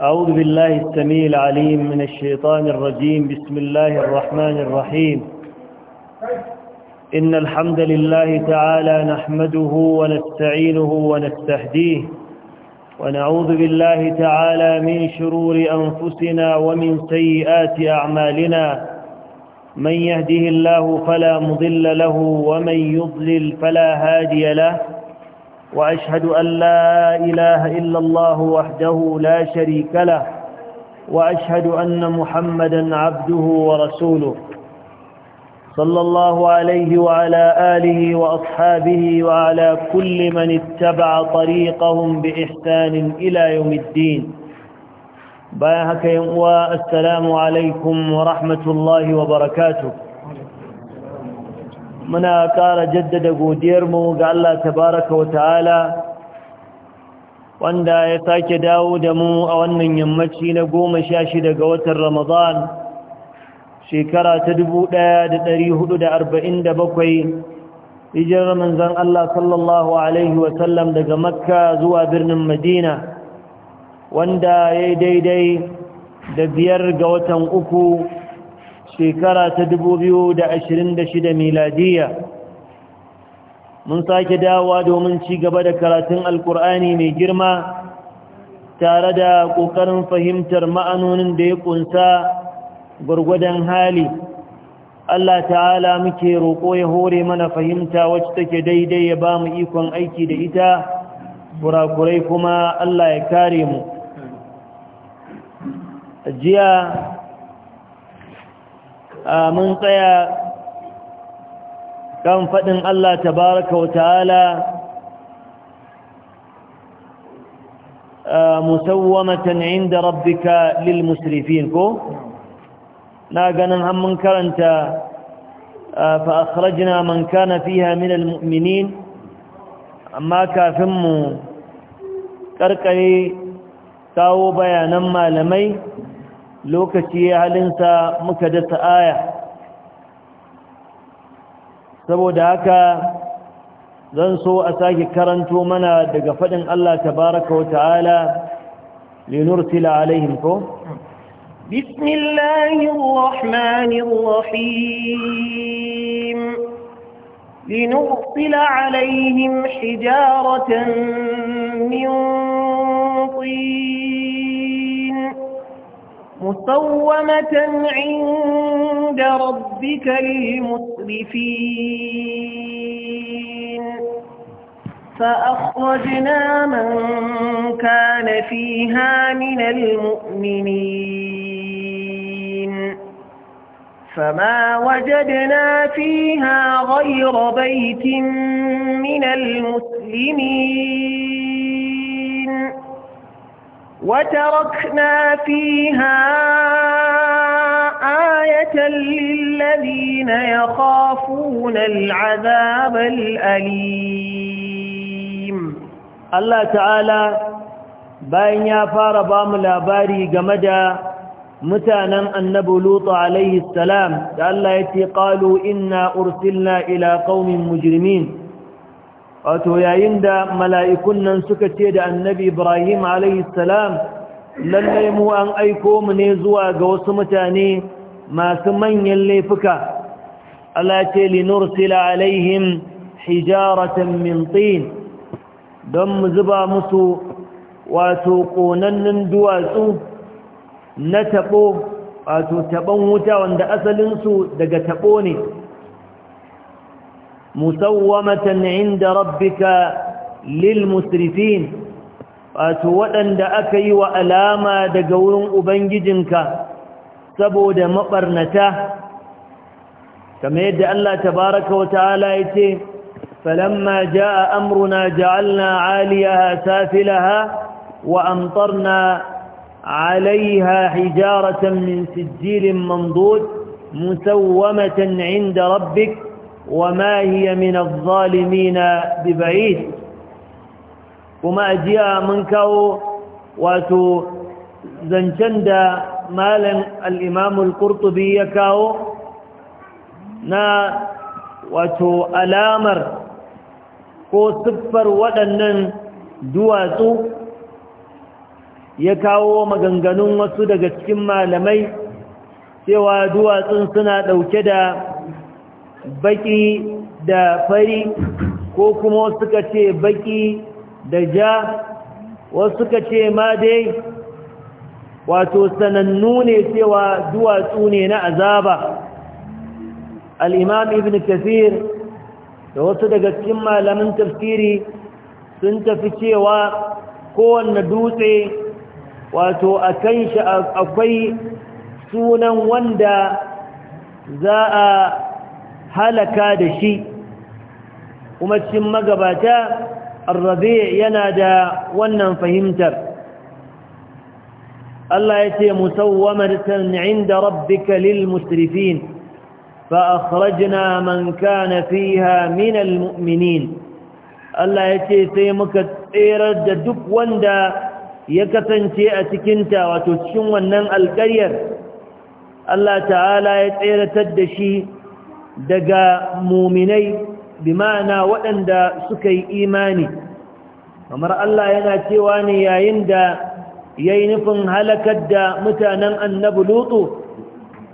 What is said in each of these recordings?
أعوذ بالله السميع العليم من الشيطان الرجيم بسم الله الرحمن الرحيم إن الحمد لله تعالى نحمده ونستعينه ونستهديه ونعوذ بالله تعالى من شرور أنفسنا ومن سيئات أعمالنا من يهده الله فلا مضل له ومن يضلل فلا هادي له وأشهد أن لا إله إلا الله وحده لا شريك له وأشهد أن محمدا عبده ورسوله صلى الله عليه وعلى آله وأصحابه وعلى كل من اتبع طريقهم بإحسان إلى يوم الدين باهك يموى السلام عليكم ورحمة الله وبركاته muna ƙara jaddada godiyarmu ga Allah tabaraka wa ta'ala wanda ya sake dawo da mu a wannan yammaci na goma sha shida ga watan Ramadan shekara ta dubu ɗaya da ɗari hudu da arba'in da bakwai hijirar manzan Allah sallallahu Alaihi wasallam daga Makka zuwa birnin Madina wanda ya daidai da biyar ga watan uku shekara ta da da ashirin shida miladiya mun sake dawowa domin ci gaba da karatun alkur'ani mai girma tare da ƙoƙarin fahimtar ma'anonin da ya ƙunsa gwargwadon hali Allah ta'ala muke roƙo ya hore mana fahimta wacce take daidai ya ba mu ikon aiki da ita burakurai kuma Allah ya kare mu jiya mun tsaya kan faɗin Allah tabaraka wa ta'ala musawwamatan inda rabbika lil musrifin ko na ganin an mun karanta fa akhrajna man kana fiha min al amma kafin mu karkare kawo bayanan malamai lokaci ya halinsa muka dasa aya saboda haka zan so a sake karanto mana daga faɗin Allah tabaraka wa ta'ala linursila alaihim ko bismillahir rahmanir rahim linursila alaihim hijaratan min tin مصومة عند ربك للمسرفين فأخرجنا من كان فيها من المؤمنين فما وجدنا فيها غير بيت من المسلمين وتركنا فيها آية للذين يخافون العذاب الأليم الله تعالى bayan ya fara bamu labari game da mutanen annabi lutu alaihi salam da Allah ya ce qalu inna ursilna ila qaumin mujrimin wato yayin da mala'ikun nan suka ce da annabi ibrahim alaihissalam lallai mu an aiko mu ne zuwa ga wasu mutane masu manyan laifuka Allah ce linursila alaihim hijaratan min don mu zuba musu wato ƙonannin duwatsu na taɓo wato taɓon wuta wanda asalinsu daga taɓo ne مسومة عند ربك للمسرفين فأتوأن دأكي وألاما دقور أبنججنك سبود مقرنته كما يدى الله تبارك وتعالى يتي فلما جاء أمرنا جعلنا عاليها سافلها وأمطرنا عليها حجارة من سجيل منضود مسومة عند ربك Wa هي من الظالمين ببعيد kuma ajiya mun kawo wato zancen da malam al'imamul ƙurtubi ya kawo na wato alamar ko siffar waɗannan duwatsu ya kawo maganganun wasu daga cikin malamai cewa duwatsun suna ɗauke da baki da fari ko kuma suka ce baki da ja wasu suka ce ma dai wato sanannu ne cewa duwatsu ne na azaba al'imam ibn kafir da wasu daga cikin malamin tafsiri sun tafi cewa kowanne dutse wato a kan shi akwai sunan wanda za a halaka da shi kuma cikin magabata arrabi yana da wannan fahimtar Allah ya ce musawwamatan da rabbika lil musrifin fa akhrajna man kana fiha min al mu'minin Allah ya ce sai muka tserar da duk wanda ya kasance a ta wato cikin wannan alƙaryar Allah ta'ala ya tseratar da shi daga muminai bi waɗanda suka yi imani kamar Allah yana cewa ne yayin da ya yi nufin halakar da mutanen annabu lutu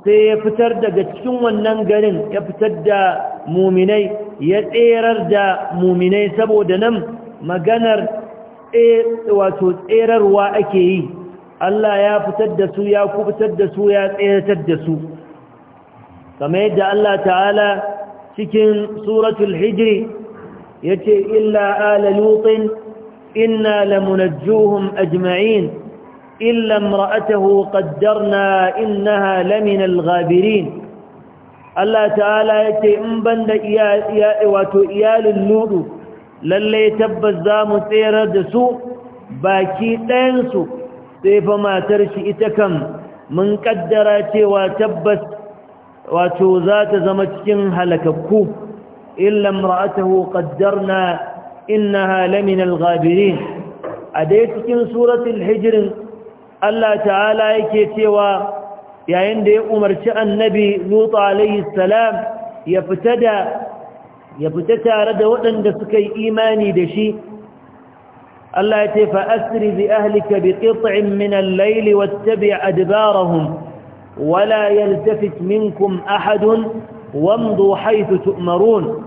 sai ya fitar daga cikin wannan garin ya fitar da muminai ya tserar da muminai saboda nan maganar wato tserarwa ake yi Allah ya fitar da su ya fitar da su ya tseratar da su kamar yadda Allah ta'ala cikin suratul hijri yace illa ala lutin inna lamunajjuhum ajma'in illa imra'atahu qaddarna innaha lamina ghabirin Allah ta'ala ya ce in banda wato iyalin nudu lalle tabbas za mu tserar da su baki ɗayansu sai fa matar shi ita kan mun kaddara cewa tabbas wato za ta zama cikin halakakku illa imra'atahu qaddarna innaha lamin al-ghabirin a dai cikin suratul hijr Allah ta'ala yake cewa yayin da ya umarci annabi Lut alayhi salam ya fita da ya fita tare da waɗanda suka yi imani da shi Allah ya ce fa asri bi ahlika bi qit'in min al-layli wattabi' adbarahum ولا يلتفت منكم أحد وامضوا حيث تؤمرون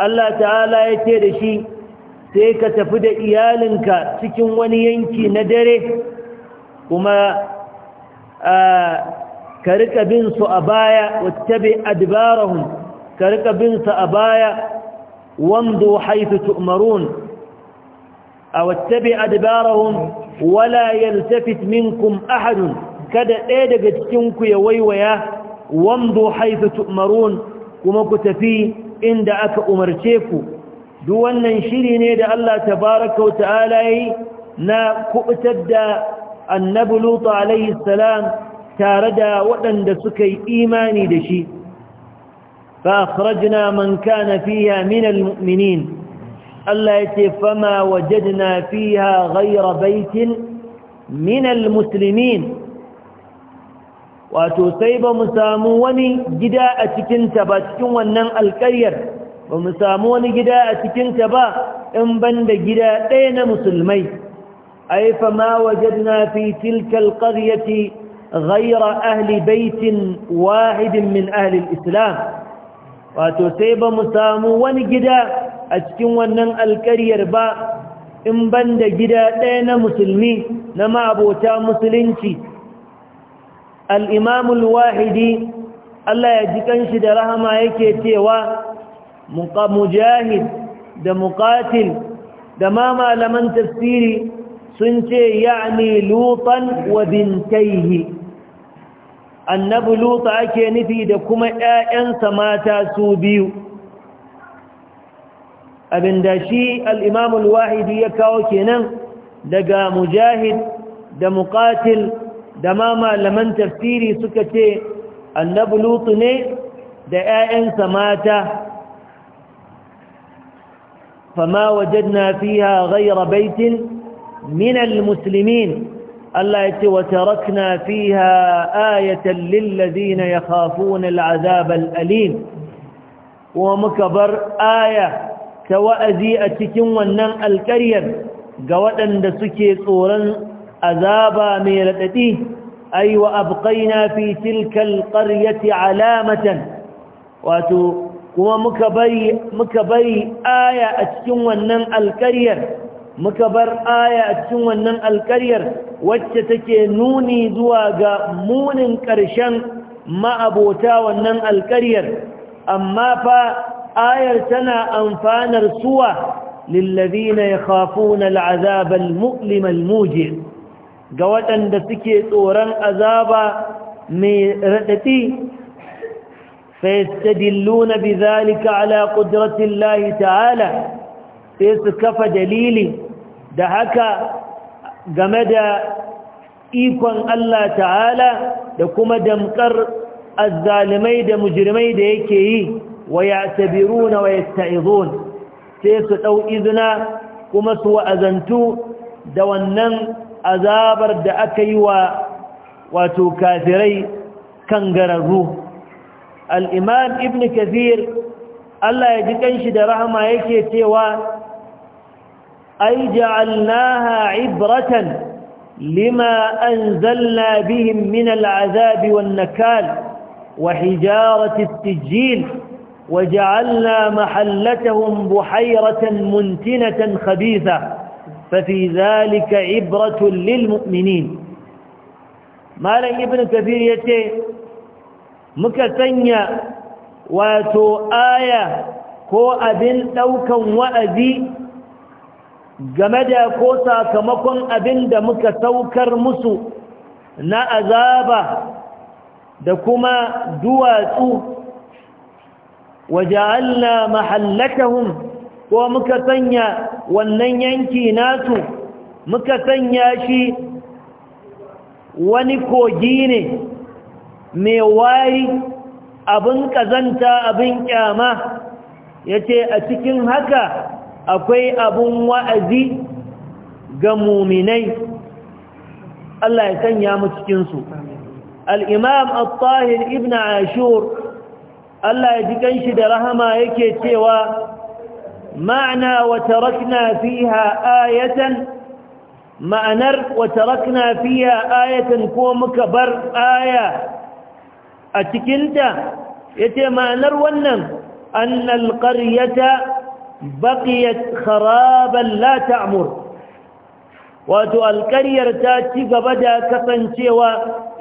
الله تعالى يتير شيء سيك تفد إيالنك سكن ونينك ندري وما آه، كرك بنس أبايا واتبع أدبارهم كرك بن أبايا وامضوا حيث تؤمرون أو اتبع أدبارهم ولا يلتفت منكم أحد kada ɗaya daga cikinku ya waiwaya wamdu haifu tu'marun kuma ku tafi inda aka umarce ku duk wannan shiri ne da Allah tabaraka wa ta'ala yi na kubutar da annabi lutu alaihi salam tare da waɗanda suka yi imani da shi fa akhrajna man kana fiha min almu'minin Allah yace fama wajadna fiha ghayra baitin min almuslimin wato sai ba mu samu wani gida a cikinta ba cikin wannan alƙaryar ba mu samu wani gida a cikinta ba in banda gida ɗaya na musulmai ai fa ma wajadna fi tilka alqaryati ghayra ahli baitin wahidin min ahli alislam wato sai ba mu samu wani gida a cikin wannan alƙaryar ba in banda gida ɗaya na musulmi na ma'abota musulunci al'imamul wahidi Allah ya ji kanshi da rahama yake cewa mujahid da mukatil da ma malaman tafsiri sun ce ya'ni lutan wa bintaihi annabi luta ake nufi da kuma yayansa mata su biyu abinda shi al-imam wahidi ya kawo kenan daga mujahid da muqatil da ma malaman tafsiri suka ce annabi lutu ne da 'ya'yansa mata fama wajadna fiha ghayra baitin minal musulmin Allah ya ce wa tarakna fiha ayatan lillazina yakhafuna al'azab al'alim wa muka bar aya ta wa'azi a cikin wannan alƙaryar ga waɗanda suke tsoron azaba mai raɗaɗi ai wa abqaina fi tilkal qaryati alamatan wato kuma muka bari muka bari aya a cikin wannan alƙaryar muka bar aya a cikin wannan alƙaryar wacce take nuni zuwa ga munin ƙarshen ma'abota wannan alƙaryar amma fa ayar tana amfanar suwa lillazina ya al'azaba al-mu'lim mulimal muji ga waɗanda suke tsoron azaba mai raɗaɗi sai tadilluna bi zalika ala ƙudratillahi ta'ala sai su kafa dalili da haka game da ikon Allah ta'ala da kuma damƙar azzalimai da mujirmai da yake yi wa ya tabiruna wa ya sai su ɗau izina kuma su wa'azantu da wannan azabar da aka yi wa wato kafirai kan gararru al'imam ibn kathir Allah ya ji kanshi da rahama yake cewa ai ja'alnaha ibratan lima anzalna bihim min al'azabi wan nakal wa hijarati at-tijil ja’alna محلتهم بحيرة muntinatan khabitha ففي ذلك عبرة للمؤمنين مالا ابن كثير يتي مكتنيا واتو آية كو أبن دوكا وأذي جمدا كو ساكمكم أبن دمك سوكر مسو na azaba da kuma duwatsu waja'alna mahallakahum ko muka sanya wannan yanki nasu muka sanya shi wani kogi ne mai wari abin kazanta abin kyama ya ce a cikin haka akwai abin wa'azi ga muminai Allah ya sanya mu cikinsu al'imam al ibn ashur Allah ya ji kanshi da rahama yake cewa ma'ana وتركنا فيها آية ma'anar watarakna fiya ko muka bar aya a cikinta yace ma'anar wannan annal qaryata baqiyat kharaban la ta'mur wato alqaryar ta ci gaba da kasancewa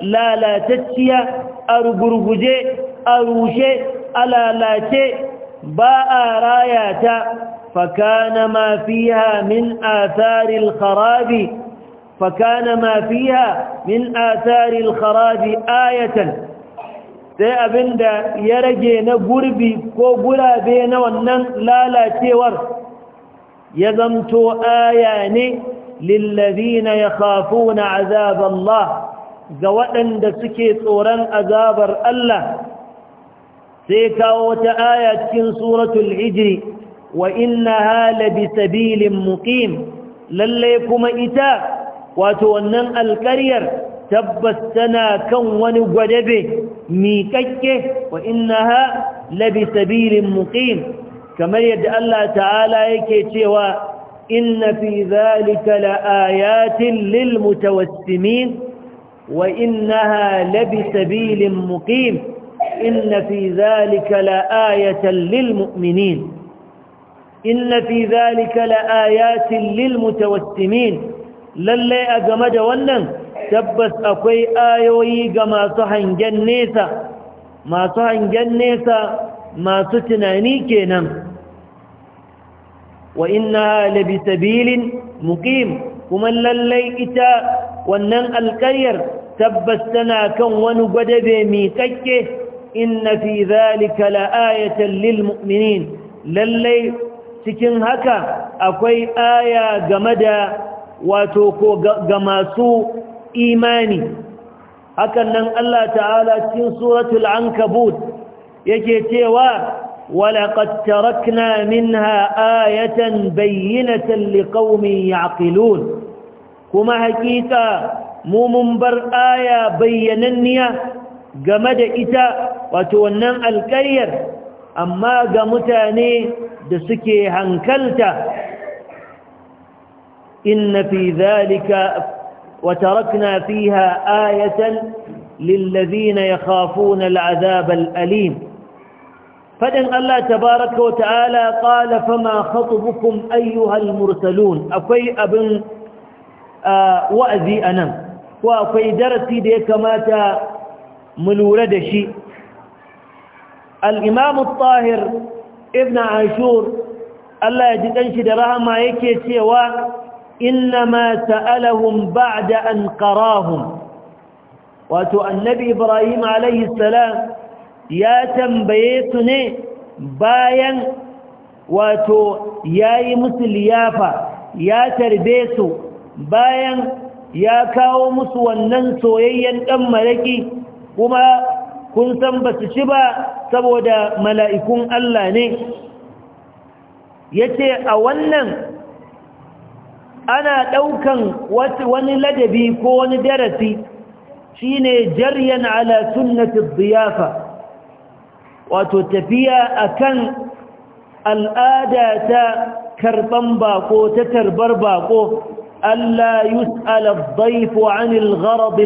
lalatacciya a gurguje a rushe a lalace ba a raya ta fakana ma fiha min atharil kharabi fakana ma fiha min atharil kharabi ayatan sai abinda ya rage na gurbi ko gurabe na wannan lalacewar ya zamto aya ne lillazina yakhafuna azab Allah ga waɗanda suke tsoron azabar Allah sai kawo wata aya cikin suratul hijri wa innaha sabilin muqim lalle kuma ita wato wannan alƙaryar tabbas tana kan wani gwadabe miƙaƙƙe wa labi sabilin muqim kamar yadda Allah ta'ala yake cewa inna fi zalika laayatin lil mutawassimin wa labi sabilin muqim إن في ذلك لآية للمؤمنين إن في ذلك لآيات للمتوسمين للي أجمد ونن تبس أكوي آيوي كما صحن جنيسا ما صحن جنيسا ما ستناني كينا وإنها لبسبيل مقيم كما للي إتا ونن القير تبس تنا كون ونبدب ميككه inna fi zalika la'ayatan lil mu'minin lallai cikin haka akwai aya game wato ko ga masu imani hakan Allah ta'ala cikin suratul ankabut yake cewa walaqad tarakna minha ayatan bayyinatan liqaumin ya'qilun kuma hakika mu mun bar aya bayyananniya game da ita wato wannan alƙaryar amma ga mutane da suke hankalta inna fi zalika wa tarakna fiha ayatan lillazina yakhafuna al'azab al'alim fadin Allah tabaaraka wa ta'ala qala fama khatubukum ayyuha al-mursalun akwai abin wa'azi anan ko akwai darasi da ya kamata mu lura da shi al-imam tahir ibn ashur Allah ya ji ɗanshi da rahama yake cewa innama sa'alahum ba'da an ƙarahun. wato annabi ibrahim alayhi salam ya tambaye su ne bayan wato yayi musu liyafa ya tarbe su bayan ya kawo musu wannan soyayyen ɗan maraƙi kuma kun san ba su ci ba saboda mala'ikun Allah ne yace a wannan ana ɗaukan wani ladabi ko wani darasi shine jaryan ala sunnati dhiyafa wato tafiya akan al'ada ta karban bako ta tarbar bako ألا يسأل anil عن الغرض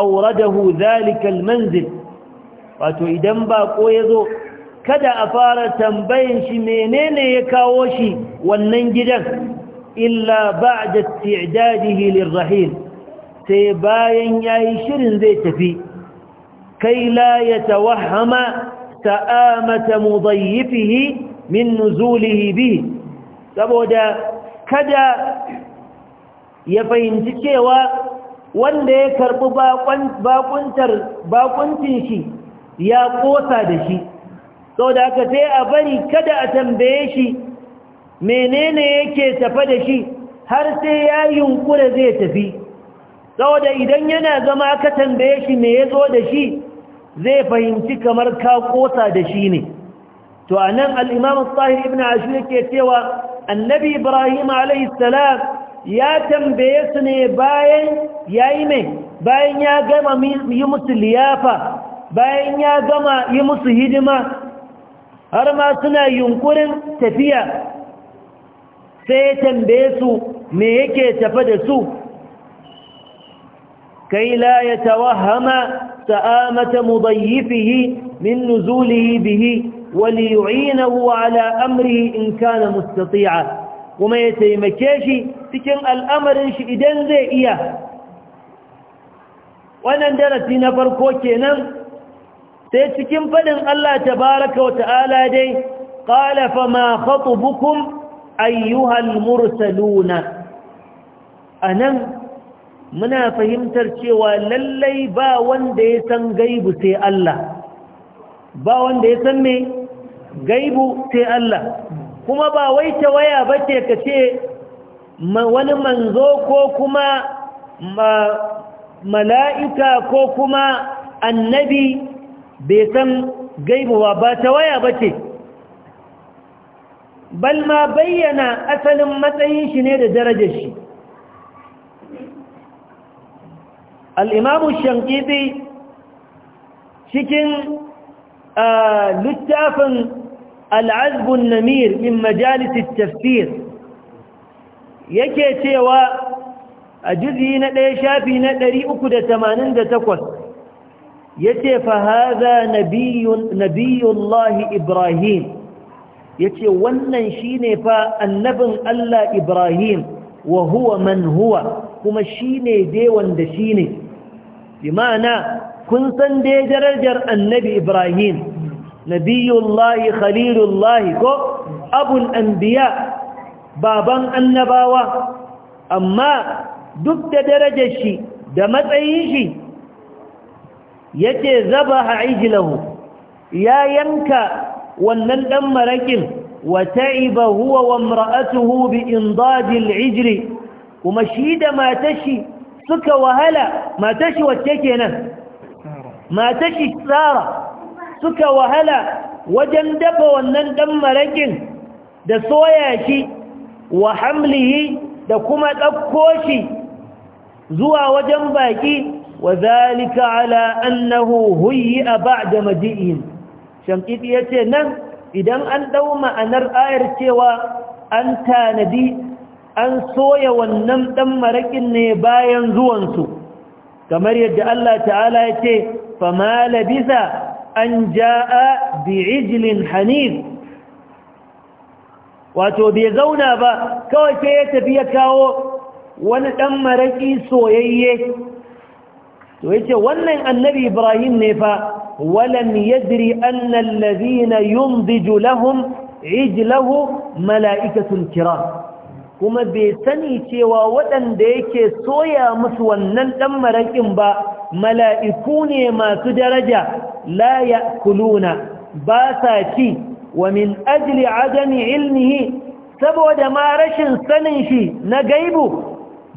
auradahu zalikal manzil المنزل wato idan bako ya zo kada a fara tambayin shi menene ya kawo shi wannan gidan illa ba'da isti'dadihi lirrahil sai bayan yayi shirin zai tafi kai la yatawahhama ta'amata mudayyifihi min nuzulihi bi saboda kada ya fahimci cewa wanda ya karbi bakuntar bakuntin shi ya kosa da shi saboda aka sai a bari kada a tambaye shi menene yake tafa da shi har sai ya yunkura zai tafi saboda idan yana zama aka tambaye shi me ya zo da shi zai fahimci kamar ka kosa da shi ne to a nan imam sahir ibn ashu yake cewa annabi ibrahim A.S. ya tambaye su ne bayan yi mai bayan ya gama yi musu liyafa bayan ya gama yi musu hidima har ma suna yunkurin tafiya sai ya tambaye su me yake tafa da su kai la ya tawahama sa'amata mudayyifihi min nuzulihi bihi wali yu'inahu ala amrihi in kana mustati'a kuma ya taimake shi cikin al'amarin shi idan zai iya wannan darasi na farko kenan sai cikin faɗin Allah baraka wata'ala dai qala fama bukun ayyuhal mursaluna anan muna fahimtar cewa lallai ba wanda ya san gaibu sai Allah ba wanda ya san gaibu sai Allah kuma ba wai ta waya bace ka ce wani manzo ko kuma mala'ika ko kuma annabi bai san gaibuwa ba ta waya ba ce Balma bayyana asalin matsayin shi ne da darajar shi al'imamu shankiti cikin littafin al'azbun namir min majalisit tafsir yake cewa a juzi na ɗaya shafi na 388 yace fa hadha nabiyyun nabiyullah ibrahim yace wannan shine fa annabin Allah ibrahim wa huwa man huwa kuma shine dai wanda shine bi ma'ana kun san dai darajar annabi ibrahim nabiyullahi khalilullahi ko abul anbiya baban annabawa amma duk da darajar shi da matsayin shi ya ce zaba a ijlahu ya yanka wannan dan maraƙin wa ta'iba huwa wa imra'atuhu bi in al-ijr kuma shi da matashi suka wahala matashi wacce kenan matashi tsara suka wahala wajen dafa wannan dan maraƙin da soya shi wa hamlihi da kuma ɗauko shi zuwa wajen baƙi وذلك على أنه هيئ بعد مجيئهم شنقيط يتي نم إذن أن دوم أنر آير تيوى أن تاندي أن سوي والنم دم ركني بايا زوانسو كما يدى الله تعالى يتي فما لبث أن جاء بعجل حنيف wato bai zauna ba kawai sai ya tafi ya kawo wani ɗan maraƙi soyayye to yace wannan annabi ibrahim ne fa walam yadri anna alladhina yumdiju lahum ijlahu mala'ikatul kiram kuma bai sani cewa waɗanda yake soya musu wannan ɗan marakin ba mala'iku ne masu daraja la kuluna. ba sa ci wa min ajli adami ilmihi saboda ma rashin sanin shi na gaibu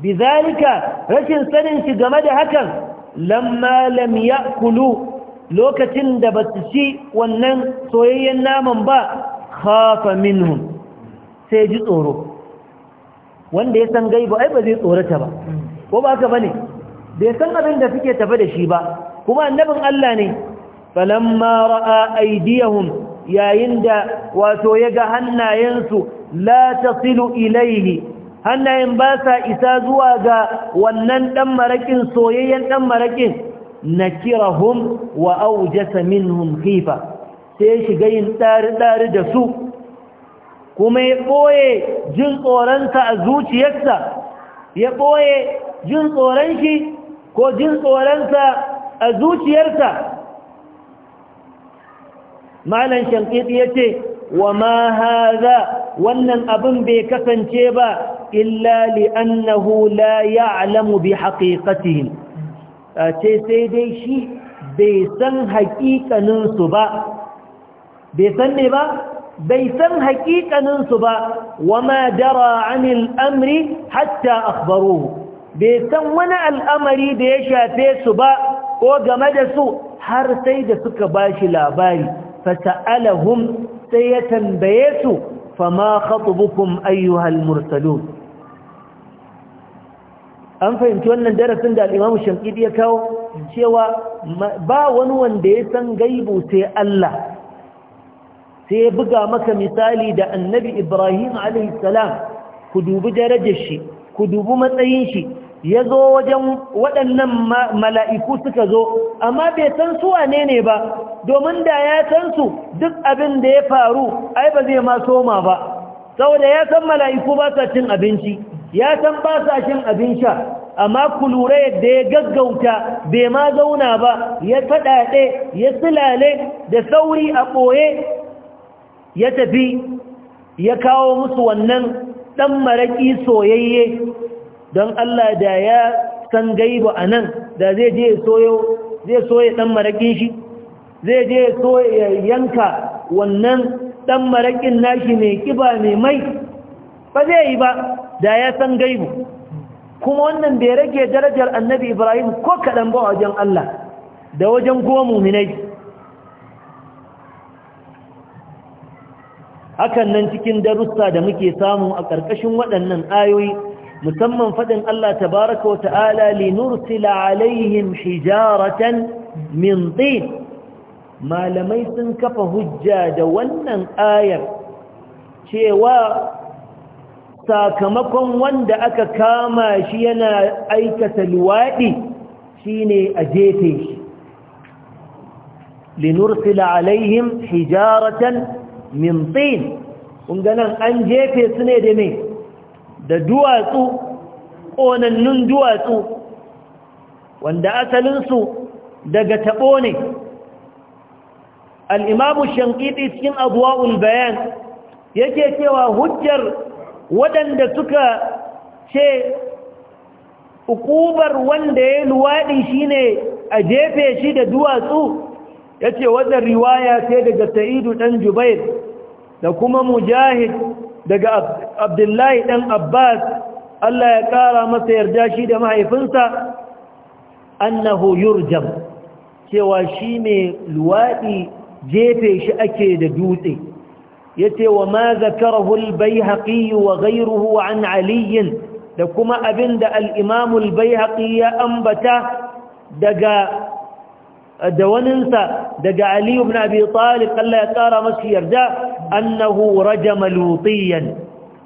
bizalika rashin sanin shi game da hakan lamma lam ya'kulu lokacin da ba su ci wannan soyayyen naman ba khafa minhum sai ji tsoro wanda ya san gaiba ai ba zai tsorata ba ko ba haka bane bai san abin da suke tafe da shi ba kuma annabin Allah ne falamma ra'a aydiyahum yayin da wato ya ga hannayensu la tasilu ilayhi hannayen ba sa isa zuwa ga wannan ɗan maraƙin soyayyen ɗan maraƙin na kirahun wa aujasa minhum khifa sai ya shiga yin ɗari-ɗari da su kuma ya ɓoye jin tsoronsa a zuciyarsa ya ɓoye jin tsoron shi ko jin tsoronsa a zuciyarsa malan shankiti ya ce wa ma hadha wannan abin bai kasance ba illa annahula ya la ya'lamu bi haqiqatihim ce sai dai shi bai san haƙiƙanin su ba bai san ne ba bai san haƙiƙanin su ba wa ma dara anil amri hatta akhbaruhu bai san wani al'amari da ya shafe su ba ko game da su har sai da suka bashi labari fata'alahum sai ya tambaye su fama khatubukum ayyuhal mursalun an fahimci wannan darasin da al'imamu shankidi ya kawo cewa ba wani wanda ya san gaibu sai Allah sai ya buga maka misali da annabi ibrahim a.s. ku dubi darajar shi ku dubi matsayin shi ya zo wajen waɗannan mala'iku suka zo amma bai san su wane ne ba domin da ya san su duk abin da ya faru ai ba zai ma soma ba saboda ya san mala'iku ba sa cin abinci ya san ba sa cin abin sha amma ku lura yadda ya gaggauta bai ma zauna ba ya faɗaɗe ya silale da sauri a ɓoye ya tafi ya kawo musu wannan ɗan maraƙi soyayye don Allah da ya san gaibu a nan da zai je soyo zai soye ɗan maraƙin shi zai je ya yanka wannan ɗan maraƙin nashi mai ƙiba mai mai ba zai yi ba da ya san gaibu kuma wannan bai rage darajar annabi ibrahim ko kaɗan ba wajen Allah da wajen kuma muminai hakan nan cikin darussa da muke samu a ƙarƙashin waɗannan ayoyi musamman faɗin Allah tabaraka wa ta'ala linursila alaihim hijaratan min tin malamai sun kafa hujja da wannan ayar cewa sakamakon wanda aka kama shi yana aikata luwaɗi shine a jefe shi linursila alaihim hijaratan min tin kun an jefe su ne da mai da duwatsu ƙonannun duwatsu wanda asalinsu daga taɓo ne al'imamu shankiti cikin abuwa'ul bayan yake cewa hujjar waɗanda suka ce ukubar wanda ya luwaɗi shine a jefe shi da duwatsu ya ce riwaya sai daga sa'idu ɗan jubair da kuma mujahid daga abdullahi ɗan abbas allah ya ƙara masa yarda shi da mahaifinsa annahu yurjam cewa shi mai luwaɗi jefe shi ake da dutse ya ce wa ma zakarahul bai haƙiyu wa gairuhu wa an aliyin da kuma abin da al'imamul bai haƙi ya ambata daga da waninsa daga Aliyu ibn Abi Talib Allah ya tsara masa yarda annahu rajama lutiyan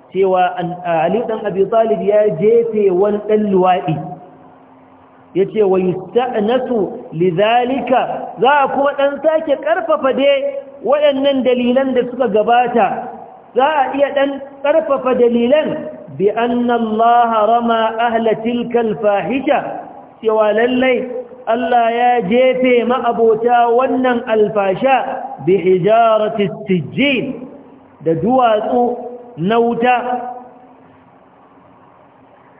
cewa Ali dan Abi Talib ya jefe wani dan luwadi yace wa yusta'nasu lidhalika za kuma ɗan sake ƙarfafa dai waɗannan dalilan da suka gabata za a iya ɗan ƙarfafa dalilan bi anna Allah rama ahla tilka fahisha cewa lallai Allah ya jefe ma'abota wannan alfasha bi hijarati sijjin da duwatsu na wuta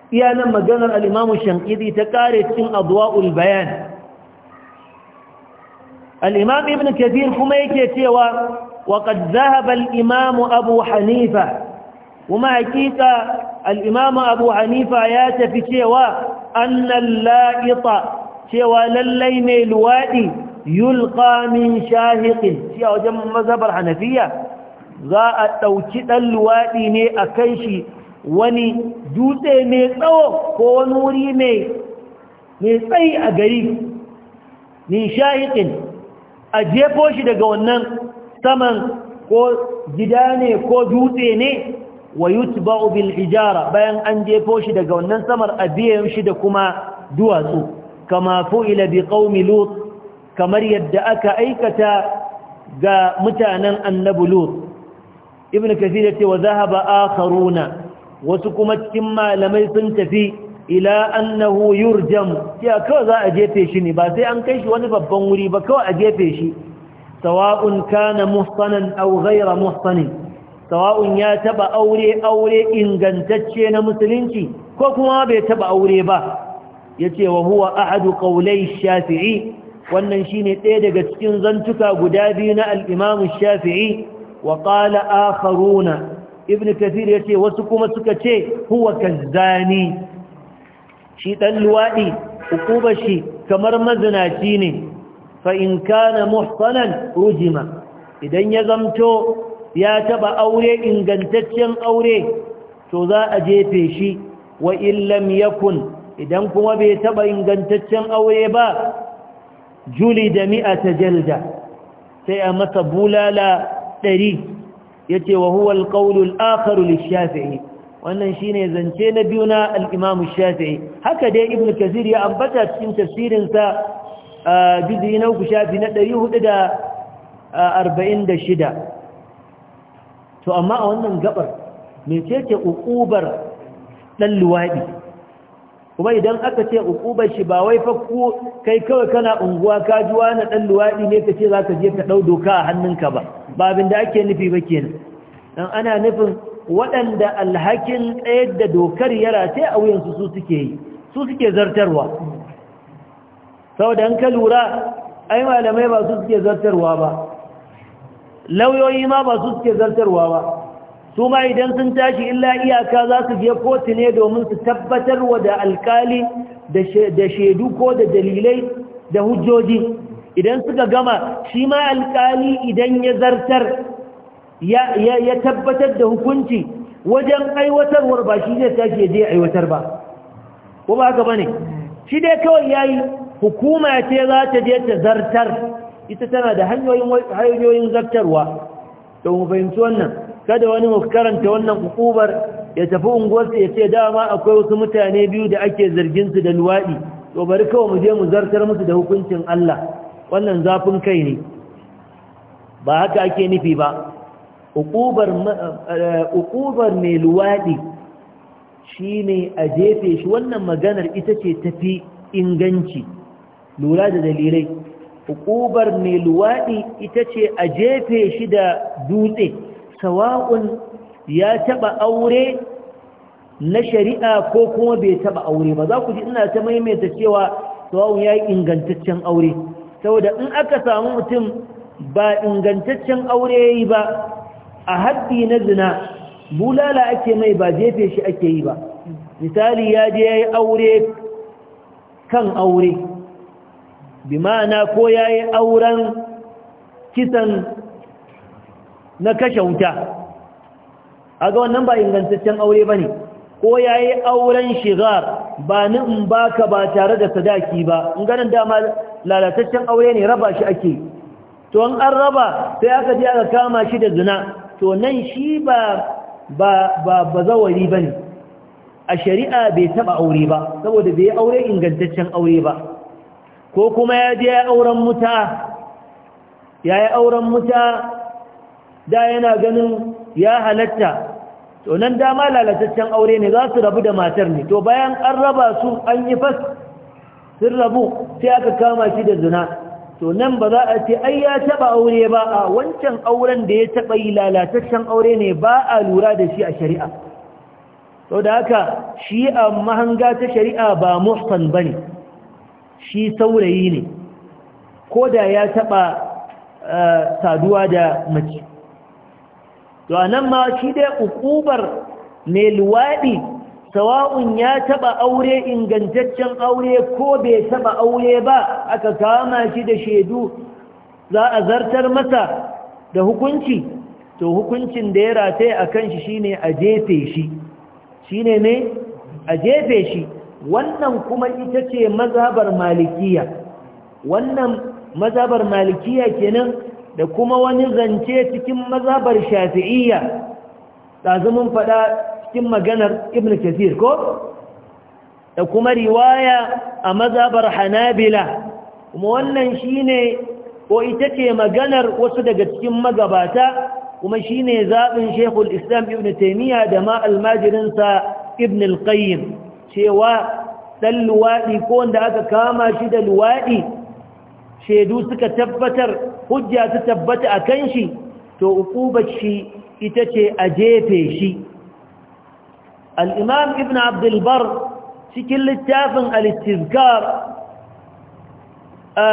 iya nan maganar al'imamu shankidi ta kare cikin adwa'ul bayan al'imam ibn kathir kuma yake cewa waƙad zahabal imamu abu hanifa kuma hakika al'imamu abu hanifa ya tafi cewa annan la'ita cewa lallai ne luwaɗi yulƙa min shahiqin shi a wajen mazhabar hanafiya za a ɗauki ɗan luwaɗi ne a kai shi wani dutse mai tsawo ko wani wuri mai tsayi a gari min shahiqin a jefo shi daga wannan saman ko gida ne ko dutse ne wa yutba'u bil ijara bayan an jefo shi daga wannan samar a biyan shi da kuma duwatsu kama fu'ila bi qaumi lut kamar yadda aka aikata ga mutanen annabi lut ibnu kathir yace wa zahaba akharuna wasu kuma cikin malamai sun tafi ila annahu yurjam ya kawai za a jefe shi ne ba sai an kai shi wani babban wuri ba kawai a jefe shi sawa'un kana muhsanan aw ghayra muhsanin sawa'un ya taba aure aure ingantacce na musulunci ko kuma bai taba aure ba yace wa huwa ahadu qawlai shafi'i wannan shine ɗaya daga cikin zantuka guda biyu na al'imamu shafi'i wa qala akharuna ibn ya yace wasu kuma suka ce huwa kazzani shi dan luwaɗi hukubar shi kamar mazinaci ne fa in kana muhsanan rujima idan ya zamto ya taɓa aure ingantaccen aure to za a jefe shi wa in yakun idan kuma bai taba ingantaccen aure ba juli da ta jalda sai a masa bulala ɗari ya ce wa huwa alƙaunul akaru lishafi'i wannan shine zance na biyu na al'imamu shafi'i haka dai ibn kasir ya ambata cikin tafsirinsa a juzi na uku shafi na ɗari hudu da arba'in da shida to amma a wannan gabar mai ce uƙubar ɗan luwaɗi kuma idan aka ce ukubar shi ba wai fa ku kai kawai kana unguwa ka ji wani dan luwadi ne ka ce za ka je ka dau doka a hannunka ba ba abin da ake nufi ba kenan dan ana nufin waɗanda alhakin tsayar da dokar yara sai a wuyansu su suke yi su suke zartarwa sau da ka lura ai malamai ba su suke zartarwa ba lauyoyi ma ba su suke zartarwa ba su ma idan sun tashi illa iyaka za su je kotu ne domin su tabbatar wa da alkali da shaidu ko da dalilai da hujjoji idan suka gama shi ma alkali idan ya zartar ya tabbatar da hukunci wajen aiwatarwar ba shi zai tashi je aiwatar ba ko ba haka ne? shi dai kawai yayi hukuma ce za ta je ta zartar ita tana da hanyoyin zartarwa don mu fahimci wannan kada wani mu karanta wannan hukumar ya tafi unguwarsa ya ce dama akwai wasu mutane biyu da ake zarginsu da luwadi to bari kawai mu je mu zartar musu da hukuncin Allah wannan zafin kai ne ba haka ake nufi ba hukubar eh, mai luwadi shine a jefe shi wannan maganar ita ce tafi inganci lura da dalilai hukubar mai luwaɗi ita ce a jefe shi da dutse sawa'un ya taba aure na shari'a ko kuma bai taba aure ba za ku ji ina ta maimaita cewa sawa'un ya yi ingantaccen aure saboda in aka samu mutum ba ingantaccen aure ya yi ba a haddi na zina bulala ake mai ba jefe shi ake yi ba misali ya je ya yi aure kan aure bi ma'ana ko ya yi auren kisan na kashe wuta a ga wannan ba ingantaccen aure ba ne ko ya yi auren shigar ba ni in baka ba tare da sadaki ba in ganin dama lalataccen aure ne raba shi ake to an an raba sai aka je aka kama shi da zina to nan shi ba ba ba ba ne a shari'a bai taba aure ba saboda bai aure ingantaccen aure ba ko kuma ya je auren muta ya yi auren muta da yana ganin ya halatta to nan dama lalataccen aure ne za su rabu da matar ne to bayan an raba su an yi fas sun rabu sai aka kama shi da zina to nan ba za a ce ai ya taba aure ba a wancan auren da ya taba yi lalataccen aure ne ba a lura da shi a shari'a to da haka shi a mahanga ta shari'a ba muhsan bane shi saurayi ne ko da ya taba eh, saduwa da mace to anan ma shi dai ukubar mai luwaɗi sawa'un ya taɓa aure ingantaccen aure ko bai taɓa aure ba aka kama shi da shaidu za a zartar masa da hukunci to hukuncin da ya rataye a kan shi shine a jefe shi shine ne a jefe shi wannan kuma ita ce mazhabar malikiya wannan mazhabar malikiya kenan da kuma wani zance cikin mazabar shafi'iyya ɗazumin faɗa cikin maganar ibn kathir ko da kuma riwaya a mazabar hanabila kuma wannan shine ko ita ce maganar wasu daga cikin magabata kuma shine zaɓin shekul islam ibn taimiyya da ma almajirinsa ibn alƙayyim cewa ɗan luwaɗi ko wanda aka kama shi da luwaɗi shaidu suka tabbatar hujja ta tabbata a kan shi to ukubar shi ita ce a jefe shi al'imam ibn abdulbar cikin littafin alistizkar a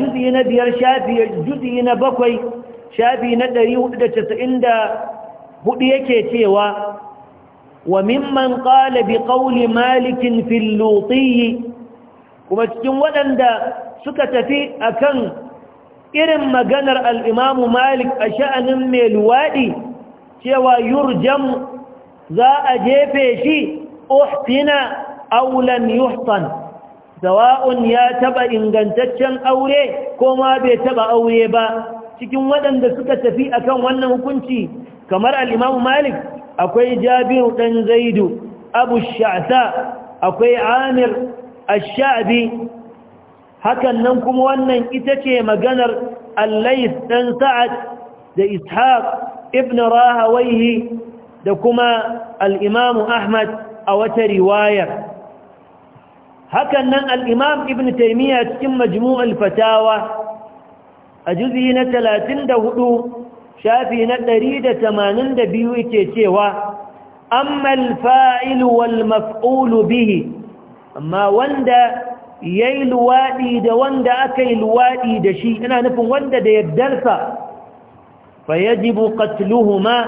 juzi na biyar shafi juzi na bakwai shafi na ɗari hudu da casa'in da hudu yake cewa wa mimman ƙalabi ƙauli malikin fillotiyi kuma cikin waɗanda suka tafi akan irin maganar al'imamu malik a sha'anin mai luwaɗi cewa yurjam za a jefe shi uhtina aulan yuhtan zawa'un ya taɓa ingantaccen aure ko ma bai taɓa aure ba cikin waɗanda suka tafi akan wannan hukunci kamar al'imamu malik akwai jabiru ɗan zaidu abu sha'asa akwai amir ash-sha'bi hakan nan kuma wannan ita ce maganar al-lays sa'ad da ishaq ibn rahawayhi da kuma al-imam ahmad a wata riwayar hakan nan al-imam ibn taymiya cikin majmu'ul fatawa a juzi na 34 shafi na ɗari da tamanin da biyu yake cewa ammal fa'ilu wal maf'ulu bihi amma wanda ya yi luwaɗi da wanda aka yi luwaɗi da shi ina nufin wanda da yaddarsa fa ya qatluhuma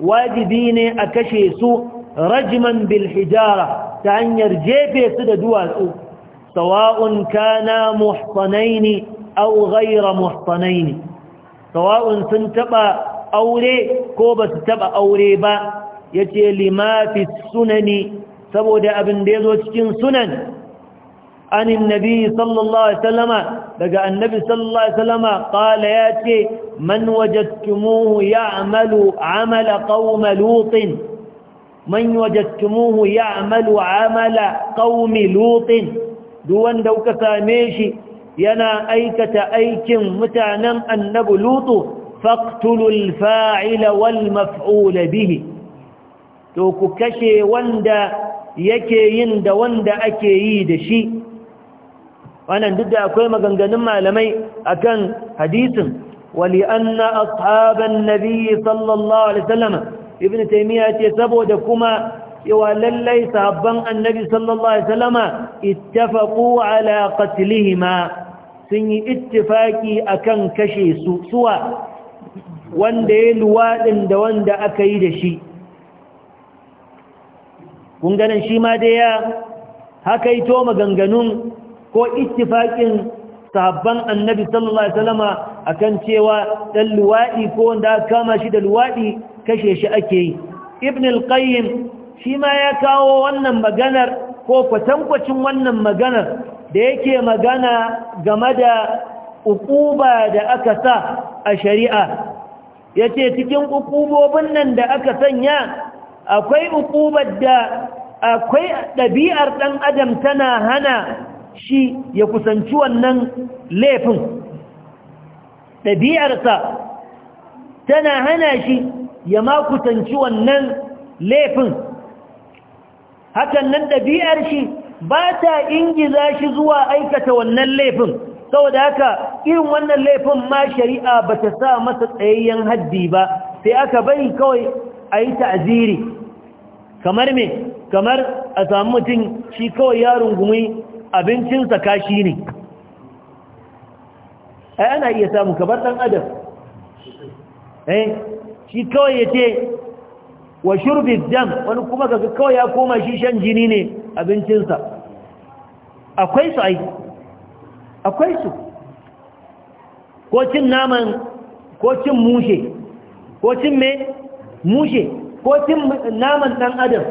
wajibi ne a kashe su rajman bilhijara ta hanyar jefe su da duwatsu sawa'un kana muhtanaini aw ghayra muhtanaini sawa'un sun taɓa aure ko ba su taɓa aure ba yace lima fi sunani saboda abin da ya zo cikin sunan an annabi sallallahu alaihi wasallama daga annabi sallallahu alaihi wasallama qala ya ce man wajadtumuhu ya'malu 'amala qaum 'amala qaum lut duwan da kuka same shi yana aikata aikin mutanen annabi lut faqtulu al-fa'ila wal maf'ul bihi to ku kashe wanda yake yin da wanda ake yi da shi wannan duk da akwai maganganun malamai akan hadisin wali anna ashaban nabi sallallahu alaihi wasallam ibnu taymiya ce saboda kuma yawa lallai sahabban annabi sallallahu alaihi wasallam ittafaqu ala qatlihima sun yi ittifaki akan kashe su suwa wanda ya luwadin da wanda aka yi da shi kun ganin shi ma dai ya haka yi to maganganun ko ittifaƙin sahabban annabi sallallahu alaihi wasallama akan cewa dan luwadi ko wanda kama shi da luwadi kashe shi ake yi ibn al-qayyim shi ma ya kawo wannan maganar ko kwatankwacin wannan maganar da yake magana game da ukuba da aka sa a shari'a yace cikin ukubobin nan da aka sanya akwai uqubar da akwai ɗabi'ar ɗan adam tana hana shi ya kusanci wannan laifin ɗabi'arsa tana hana shi ya ma kusanci wannan laifin hakan nan ɗabi'ar shi ba ta ingiza shi zuwa aikata wannan laifin saboda haka irin wannan laifin ma shari'a ba ta sa masa tsayayyen haddi ba sai aka bari kawai a yi ta'aziri kamar me kamar a samu mutum shi kawai yaron gumi abincinsa kashi ne ai ana iya samu kamar ɗan adam eh shi kawai ya ce wa shurbi dam wani kuma kaga kawai ya koma shi shan jini ne abincinsa akwai su ai akwai su ko cin naman ko cin mushe ko cin me mushe ko cin naman ɗan adam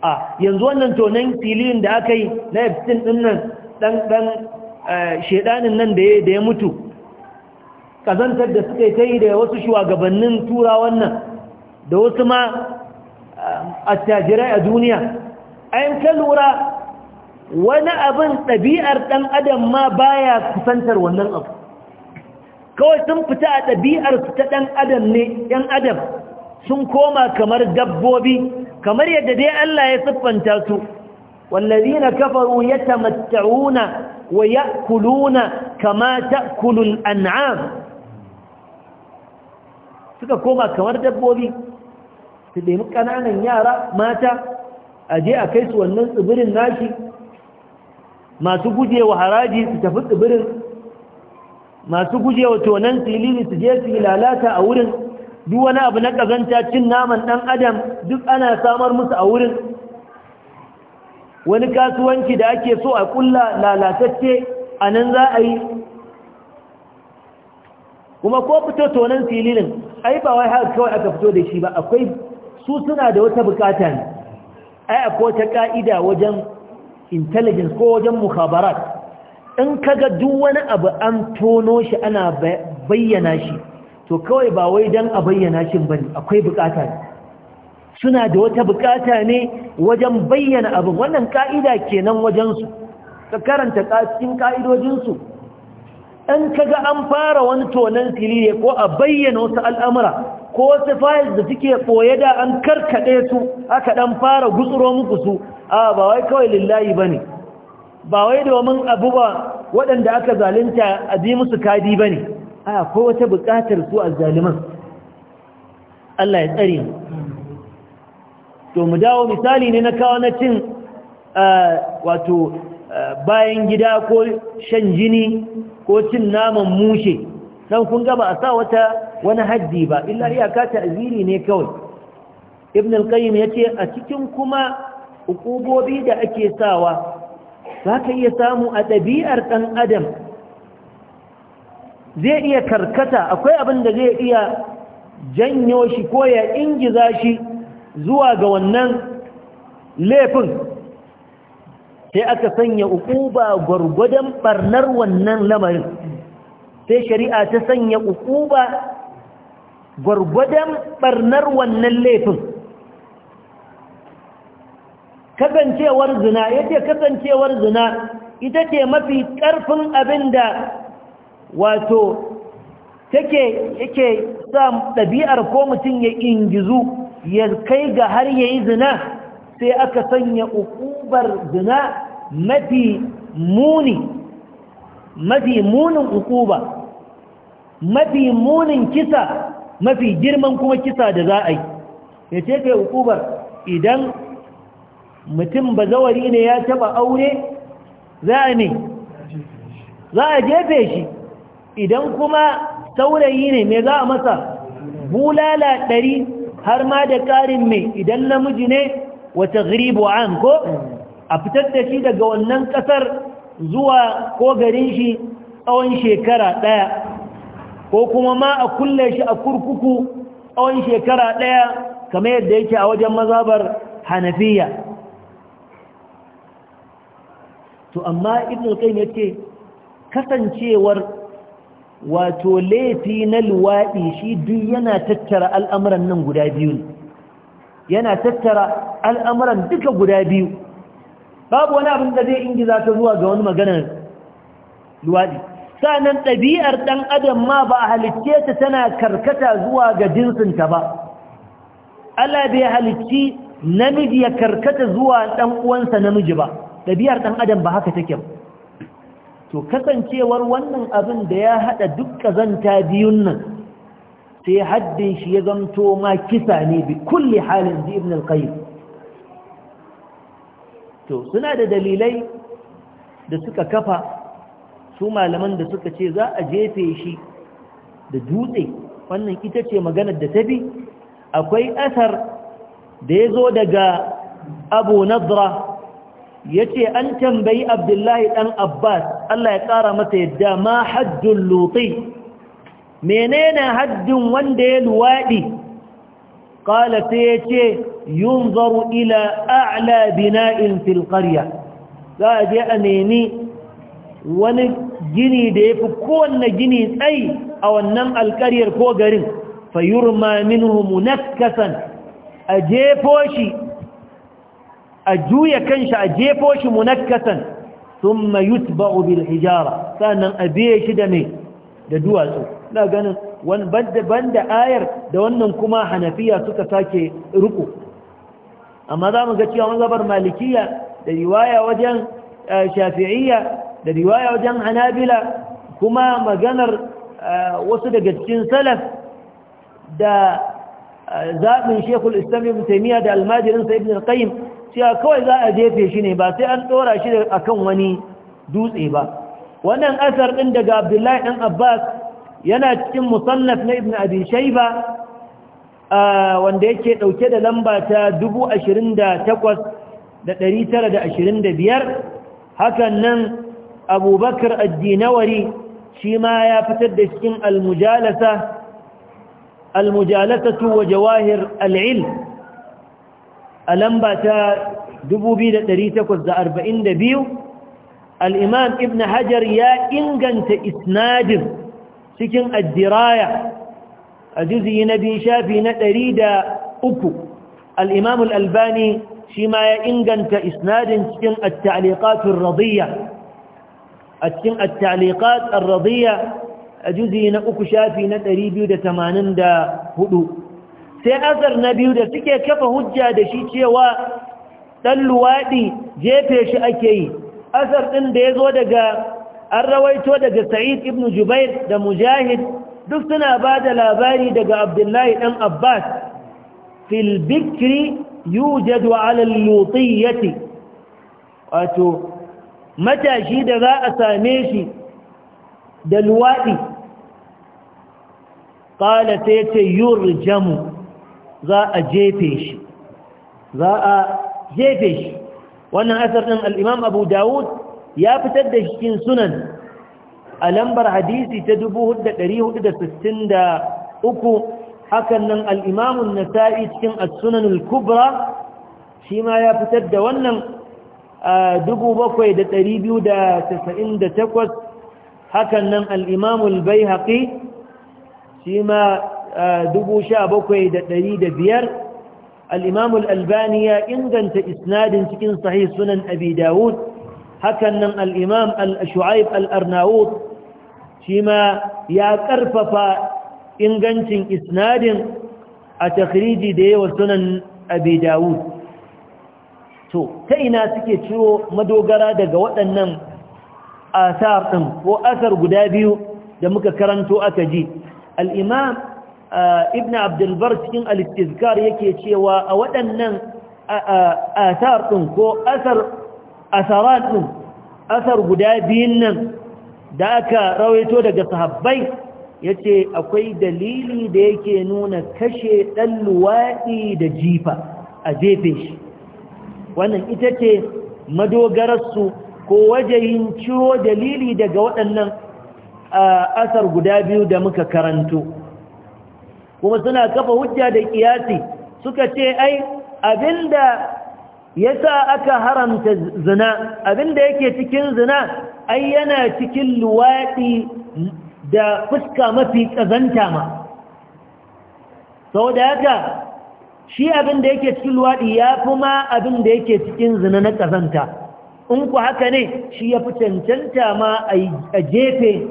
a yanzu wannan tonon filin da aka yi na epstein ɗin nan ɗan eh, shaidanin nan da ya mutu ƙazantar da suka ta yi da wasu shugabannin tura wannan da wasu ma eh, attajirai a duniya ayin ka lura wani abin ɗabi'ar ɗan adam ma baya kusantar wannan abu kawai sun fita a ɗabi'ar su ta ɗan adam ne ɗan adam sun koma kamar dabbobi kamar yadda dai Allah ya siffanta su wallazina kafaru yatamatta'una wa ya'kuluna kama ta'kulu an'am? suka koma kamar dabbobi su nemi kananan yara mata aje a kai su wannan tsibirin nashi masu gujewa haraji su tafi tsibirin masu gujewa tonan silili su je su yi lalata a wurin duk wani abu na kazanta cin naman ɗan adam duk ana samar musu a wurin wani kasuwanci da ake so a kulla lalatacce a nan za a yi kuma ko fito tonan sililin ai ba wai haka kawai aka fito da shi ba akwai su suna da wata bukata ne ai akwai wata ka'ida wajen intelligence ko wajen mukhabarat in kaga duk wani abu an tono shi ana bayyana shi to kawai ba wai don a bayyana shi bane akwai bukata ne suna da wata bukata ne wajen bayyana abin wannan ka'ida kenan wajensu ka karanta cikin ka'idojinsu in kaga an fara wani tonon silile ko a bayyana wasu al'amura ko wasu fayil da suke koye da an karkaɗe su aka ɗan fara gutsuro muku su a ba wai kawai lillahi ba ne ba wai domin abu ba waɗanda aka zalunta a ji musu kadi ba ne a ko wata buƙatar su a zaliman Allah ya tsare to mu dawo misali ne na kawo na cin wato bayan gida ko shan jini ko cin naman mushe san kun ga ba a sa wata wani haddi ba illa iyaka aziri ne kawai ibn al-qayyim yace a cikin kuma hukubobi da ake sawa zaka iya samu a ɗabi'ar ɗan adam zai iya karkata akwai abin da zai iya janyo shi ko ya ingiza shi zuwa ga wannan laifin sai aka sanya ukuba gwargwadon barnar wannan lamarin sai shari'a ta sanya ukuba gwargwadon barnar wannan laifin kasancewar zina ce kasancewar zina ita ce mafi karfin abin da wato take yake sa ɗabi'ar ko mutum ya ingizu ya kai ga har yayi zina sai aka sanya ukubar zina mafi muni mafi munin ukuba mafi munin kisa mafi girman kuma kisa da za a yi ya ce kai ukubar idan mutum ba zawari ne ya taba aure za a ne za a jefe shi idan kuma saurayi ne mai za a masa bulala ɗari har ma da ƙarin mai idan namiji ne wata gribu an ko a fitar da shi daga wannan ƙasar zuwa ko garin shi tsawon shekara ɗaya ko kuma ma a kulle shi a kurkuku tsawon shekara ɗaya kamar yadda yake a wajen mazabar hanafiya to amma ibn al-qayyim kasancewar wato laifi na luwaɗi shi duk yana tattara al'amuran nan guda biyu ne yana tattara al'amuran duka guda biyu babu wani abin da zai ingiza ta zuwa ga wani maganar luwaɗi sanan ɗabi'ar ɗan adam ma ba a halicce ta tana karkata zuwa ga jinsinta ba Allah bai halicci namiji ya karkata zuwa ɗan uwansa namiji ba ɗabi'ar ɗan adam ba haka take ba to kasancewar wannan abin da ya hada duk kazanta biyun nan sai haddin shi ya zanto ma kisa ne bi kulli halin ji ibn al-qayyim to suna da dalilai da suka kafa su malaman da suka ce za a jefe shi da dutse wannan ita ce maganar da ta bi akwai asar da ya zo daga abu nadra yace an tambayi abdullahi dan abbas Allah ya kara masa yadda ma haddun luti menene haddun wanda ya luwaɗi? Ƙala sai yace yunzaru ila a'la bina'in fil qarya za a je a nemi wani gini da yafi kowanne gini tsayi a wannan alƙaryar ko garin fayurma minhu munakkasan a jefo shi a juya kanshi a jefo shi munakkasan mayut ba'u bil hijara sannan a biye shi da da duwatsu ina ganin banda da ayar da wannan kuma hanafiya suka sake ruku amma za mu ga cewa mazhabar malikiya da riwaya wajen eh, shafi'iyya da riwaya wajen hanabila kuma maganar eh, wasu daga cikin salaf da eh, zaɓin shekul islam ibn da almajirinsa ibn al-qayyim cewa kawai za a jefe shi ne ba sai an tsora shi akan wani dutse ba wannan asar ɗin daga abdullahi ɗan abbas yana cikin musannaf na ibn abi shaiba wanda yake ɗauke da lamba ta 28,925 hakan nan abubakar addinawari shi ma ya fitar da cikin almujalasa almujalasatu wa jawahir al'il a lamba ta 2842 al'imam ibn hajar ya inganta isnadin cikin addiraya a juzi na biyu shafi na 103 al'imam al'albani shi ma ya inganta isnadin cikin attaliƙatun radiyya a cikin attaliƙatun radiyya a juzi na uku shafi na 284 sai azar na biyu da suke kafa hujja da shi cewa ɗan luwaɗi jefe shi ake yi azar ɗin da ya zo daga an rawaito daga sa'id ibn jubair da mujahid duk suna ba da labari daga abdullahi ɗan abbas fil bikri yujadu ala lutiyyati wato matashi da za a same shi da luwaɗi قال تيتي يرجم za a jefe shi za a jefe shi wannan asar ɗin al'imam abu dawud ya fitar da cikin sunan a lambar hadisi ta 463 hakan nan al'imamun nasa'i cikin as-sunan al-kubra shi ma ya fitar da wannan a 7298 hakan nan al'imamun bai haƙi shi ma 17,500 al'imam al'albani ya inganta isnadin cikin sahi sunan abi dawud hakan nan al'imam al'ashu'aib al shi ma ya ƙarfafa ingancin isnadin a takriji da yawa sunan abi dawud to ta ina suke ciro madogara daga waɗannan asar ɗin ko asar guda biyu da muka karanto aka ji al'imam ibn abdulbar cikin al yake cewa a waɗannan asar ɗin ko asar ɗin asar guda biyun nan da aka rawaito daga sahabbai yace akwai dalili da yake nuna kashe ɗan luwaɗi da jifa a jefe shi wannan ita ce madogararsu ko wajayin ciwo dalili daga waɗannan asar guda biyu da muka karanto kuma suna kafa hujja da kiyasi suka ce ai abinda yasa aka haramta zina abinda yake cikin zina ai yana cikin luwaɗi da fuska mafi kazanta ma sau da haka shi abinda yake cikin luwaɗi ya fi ma abinda yake cikin zina na kazanta, in ku haka ne shi ya fi cancanta ma a jefe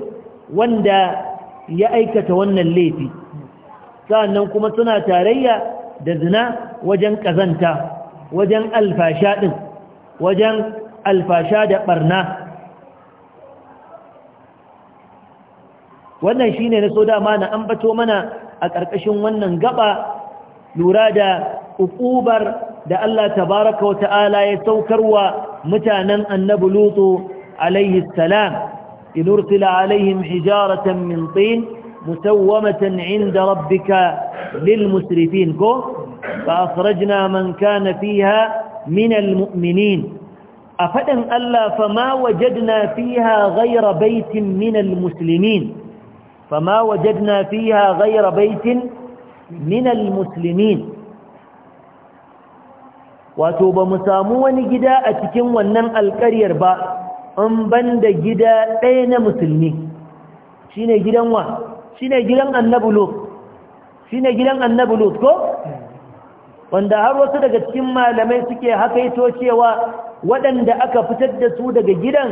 wanda ya aikata wannan laifi sa'annan kuma suna tarayya da zina wajen ƙazanta, wajen alfasha wajen alfasha da ɓarna. wannan shine na so dama na ambato mana a ƙarƙashin wannan gaba lura da uƙubar da Allah tabaraka wa ta'ala ya saukarwa mutanen annabi lutu alaihi salam inursila alaihim hijaratan min مسومة عند ربك للمسرفين كو فأخرجنا من كان فيها من المؤمنين أفدن ألا فما وجدنا فيها غير بيت من المسلمين فما وجدنا فيها غير بيت من المسلمين wato ba mu samu wani gida a cikin wannan alƙaryar ba in banda gida ɗaya na musulmi shine gidan wa shine gidan annabi lut shine gidan annabi lut ko wanda har wasu daga cikin malamai suke hakaito cewa waɗanda aka fitar da su daga gidan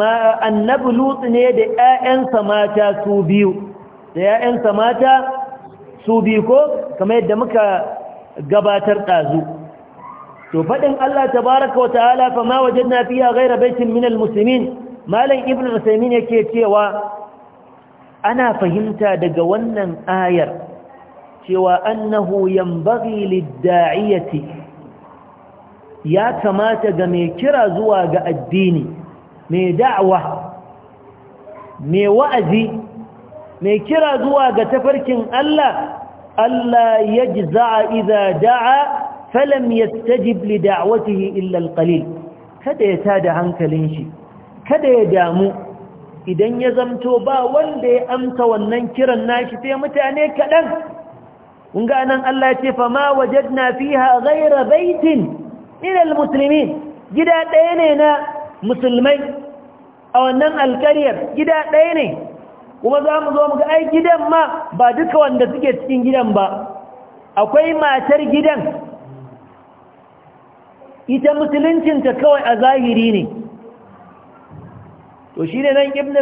ma annabi lut ne da ƴaƴansa mata su biyu da ƴaƴansa mata su biyu ko kamar yadda muka gabatar ɗazu to faɗin Allah tabaraka wa ta'ala fa ma wajadna fiha ghayra baitin min almuslimin malam ibnu usaymin yake cewa ana fahimta daga wannan ayar cewa annahu yanbaghi lid-da'iyati ya kamata ga mai kira zuwa ga addini mai da'awa mai wa'azi mai kira zuwa ga tafarkin Allah Allah yajza'a idza da'a falam yastajib li da'watihi illa al-qalil kada ya tada hankalin shi kada ya damu idan ya zamto ba wanda ya amsa wannan kiran nashi sai mutane kaɗan kun ga nan Allah ya ce fa ma wajadna fiha ghayra baitin min almuslimin gida ɗaya ne na musulmai a wannan alkariyar gida ɗaya ne kuma za mu zo mu ga ai gidan ma ba duka wanda suke cikin gidan ba akwai matar gidan ita musuluncinta kawai a zahiri ne to shi ne nan ibn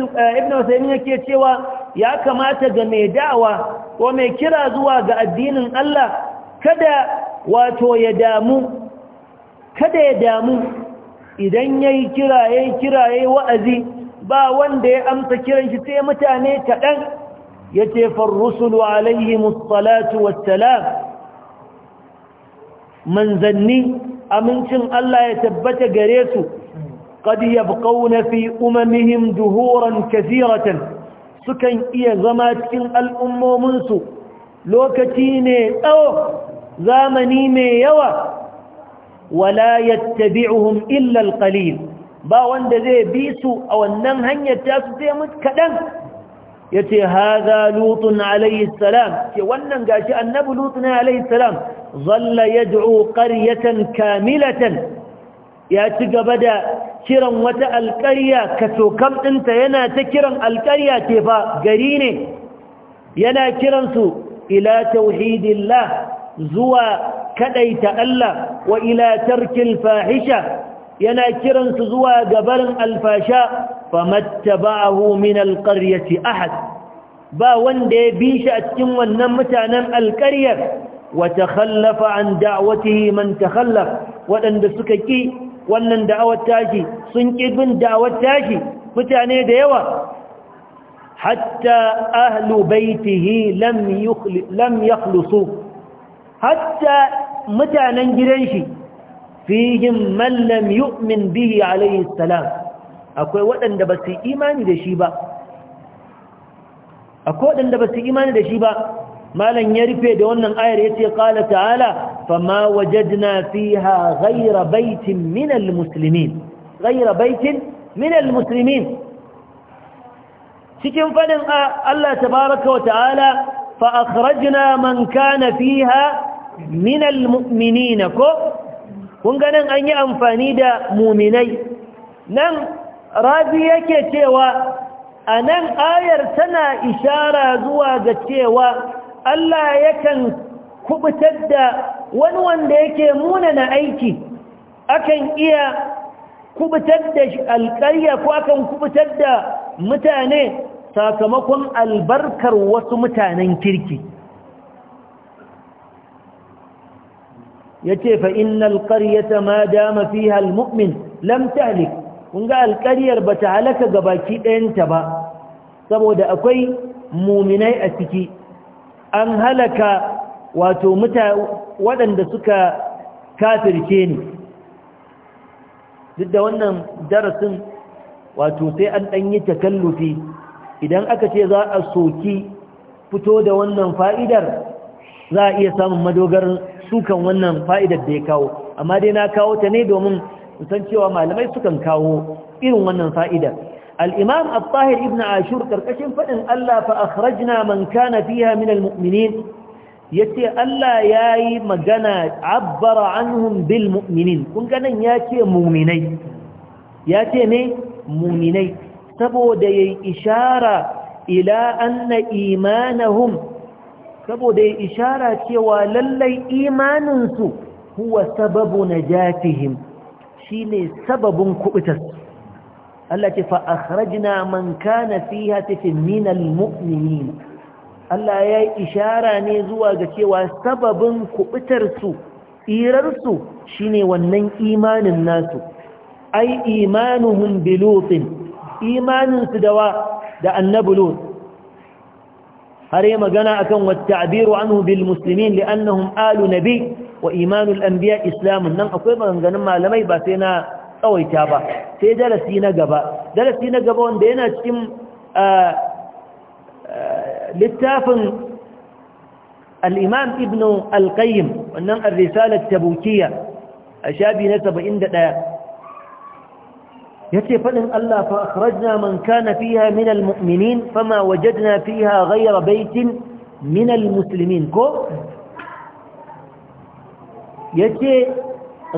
wasaimin eh, yake cewa ya kamata ga mai da'awa ko mai kira zuwa ga addinin Allah kada wato ya damu kada ya damu idan ya yi kira ya kira ya wa'azi ba wanda ya amsa kiran shi sai mutane ɗan. ya ce farrusulu alaihi musallatu wassalam manzanni amincin Allah ya tabbata gare su قد يبقون في أممهم دهورا كثيرة سكن إيا زمات إن الأمو منسو لوكتيني أو زامنيني يوى ولا يتبعهم إلا القليل با وند زي بيسو أو النم هنيا تاسو زي متكدن يتي هذا لوط عليه السلام ونن قاشي النبي لوط عليه السلام ظل يدعو قرية كاملة ya ci gaba da kiran wata alƙarya kaso kam ɗinta yana ta kiran alƙarya ke fa gari ne yana kiransu ila tauhidillah zuwa kaɗaita Allah wa ila tarkil fahisha yana kiransu zuwa gabarin alfasha famattaba'ahu min alqaryati ahad ba wanda ya bi shi a cikin wannan mutanen alƙaryar wa takhallafa an da'watihi man takhallaf waɗanda suka ƙi. wannan da'awar tashi sun bin da'awar tashi mutane da yawa hatta ahlu baitihi lam yakhlusu hatta mutanen gidan shi fihim man lam yu'min bihi alayhi salam akwai waɗanda ba su imani da shi ba akwai waɗanda ba su imani da shi ba malan ya rufe da wannan ayar yace qala ta'ala fama wajadna fiha ghayra baitin min almuslimin ghayra baitin min almuslimin cikin fadin Allah tabaaraka wa ta'ala fa akhrajna man kana fiha min almu'minin ko kun ga an yi amfani da muminai nan razi yake cewa a nan ayar tana ishara zuwa ga cewa Allah yakan kubutar da wani wanda yake munana aiki akan iya kubutar da alƙarya ko akan kubutar da mutane sakamakon albarkar wasu mutanen kirki yace fa innal qaryata ma dama fiha halmumin, lam tahlik kun ga alƙaryar bata halaka gabaki ɗayanta ba saboda akwai muminai a ciki an halaka wato waɗanda suka kafirke ni duk da wannan darasin wato sai an ɗanyi takallufi idan aka ce za a soki fito da wannan fa'idar za a iya samun madogarin sukan wannan fa'idar da ya kawo amma dai na kawo ta ne domin san cewa malamai sukan kawo irin wannan fa'idar الإمام الطاهر ابن عاشور كركشن فإن ألا فأخرجنا من كان فيها من المؤمنين يتي ألا ياي مجانا عبر عنهم بالمؤمنين كن كان ياتي مؤمنين ياتي مي مؤمنين سبو دي إشارة إلى أن إيمانهم سبو دي إشارة وللي إيمان هو سبب نجاتهم شيني سبب كؤتس Allah ce fa man kana Allah ya yi ishara ne zuwa ga cewa sababin kubutarsu tsirarsu shine wannan imanin nasu ai imanuhum bi lutin dawa da har yi magana akan wat ta'biru anhu bil muslimin li'annahum alu nabi wa imanul anbiya islamun nan akwai maganganun malamai ba sai na kawai ta ba sai darasi na gaba darasi na gaba wanda yana cikin littafin al'imam ibn al-qayyim wannan al-risalar tabukiya a shabi na 71 yace fadin Allah fa akhrajna man kana fiha min al almu'minin fama wajadna fiha ghayra baitin min al almuslimin ko yace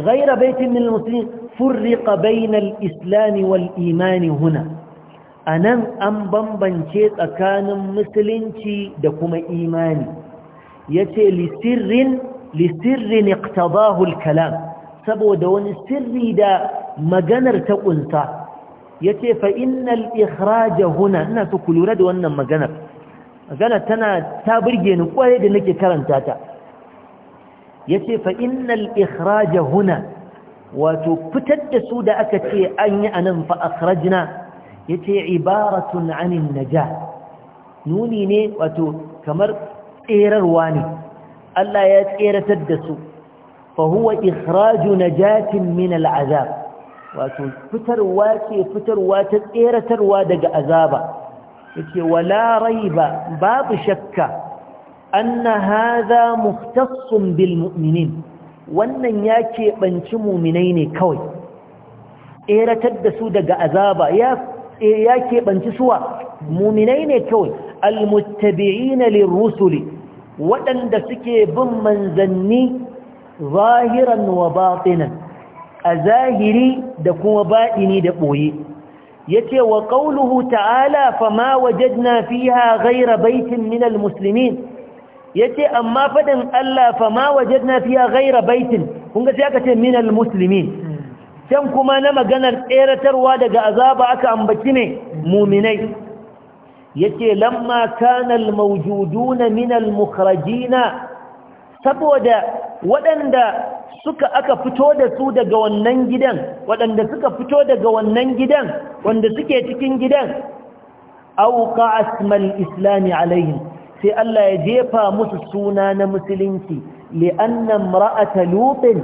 ghayra baitin min al almuslimin فرق بين الإسلام والإيمان هنا أنا أم بمبنشيت أكان مسلنشي دكما إيماني يتي لسر لسر اقتضاه الكلام سبو دون السر دا مجنر تقنطا يتي فإن الإخراج هنا أنا تقول رد وأنا مجنر مجنر تنا تابرجين وهي دنك كرنتاتا يتي فإن الإخراج هنا wato fitar da su da aka ce an yi anan fa akhrajna yace ibaratun anin najah nuni ne wato kamar tserarwa ne Allah ya tseratar da su fa huwa ikhraju najatin min al'azab wato fitarwa ce fitarwa ta tseratarwa daga azaba yace wala raiba babu shakka anna hadha muhtassun bil mu'minin wannan ya keɓanci muminai ne kawai tseratar da su daga azaba ya keɓanci suwa muminai ne kawai almuttabi'ina lirrusuli waɗanda suke bin manzanni zahiran wa baɗinan a zahiri da kuma baɗini da ɓoye yace wa ƙauluhu ta'ala fama wajadna fiha ghayra baitin minal musulmin? yace amma faɗin Allah fa ma na fiya ghayra baitin kun ga sai aka ce minal muslimin can kuma na maganar tseratarwa daga azaba aka ambaci ne muminai yace lamma kana almawjuduna minal almukhrajina saboda waɗanda suka aka fito da su daga wannan gidan waɗanda suka fito daga wannan gidan wanda suke cikin gidan auka asmal islami alaihim sai Allah ya jefa musu suna na musulunci li'anna ra'ata lutin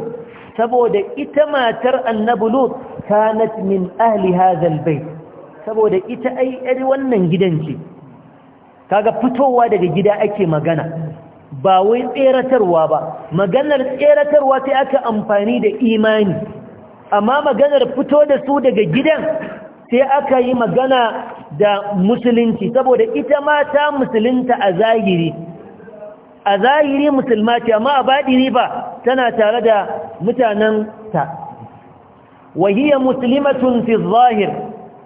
saboda ita matar annabi lut kanat min ahli hadha albayt saboda ita ai yar wannan gidan ce kaga fitowa daga gida ake magana ba wai tseratarwa ba maganar tseratarwa sai aka amfani da imani amma maganar fito da su daga gidan sai aka yi magana da musulunci saboda ita ma ta musulunta a zahiri a zahiri musulma ce amma a baɗini ba tana tare da mutanen ta wahiyya muslimatun fi zahir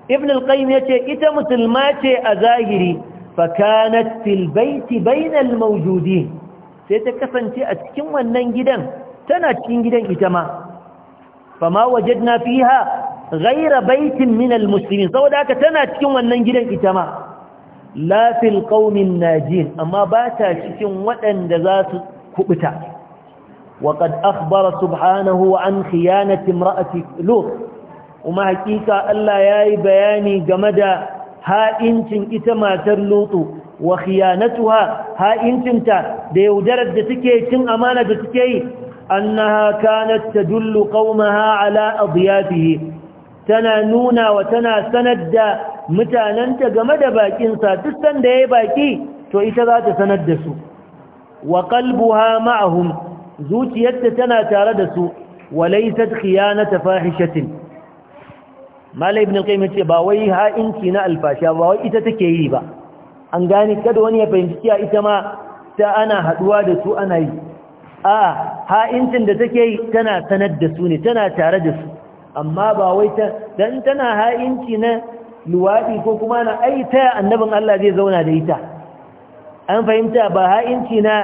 ibn al-qayyim yace ita musulma ce a zahiri fa kanat fil baiti bainal mawjudin sai ta kasance a cikin wannan gidan tana cikin gidan ita ma fama wajadna fiha ghaira baitin minal almuslimin saboda haka tana cikin wannan gidan ita ma la fil qaumin najin amma ba ta cikin waɗanda za su kubuta wa qad akhbara subhanahu an khiyanati imra'ati lut kuma hakika Allah yayi bayani game da ha'incin ita matar lutu wa khiyanatuha ha'incinta da yaudarar da take cin amana da take yi annaha kanat tadullu qaumaha ala adiyafihi tana nuna wa tana sanar da mutananta game da bakinsa duk sanda ya yi baki to ita za ta sanar da su wa qalbuha ma'ahum zuciyarta tana tare da su wa laysat khiyanata fahishatin malai ibn qayyim ce ba wai ha'inci na alfasha ba wai ita take yi ba an gane kada wani ya fahimci cewa ita ma ta ana haduwa da su ana yi a ha'incin da take yi tana sanar da su ne tana tare da su amma ba wai ta dan tana ha'inci na luwaɗi ko kuma na aita annabin Allah zai zauna da ita an fahimta ba ha'inci na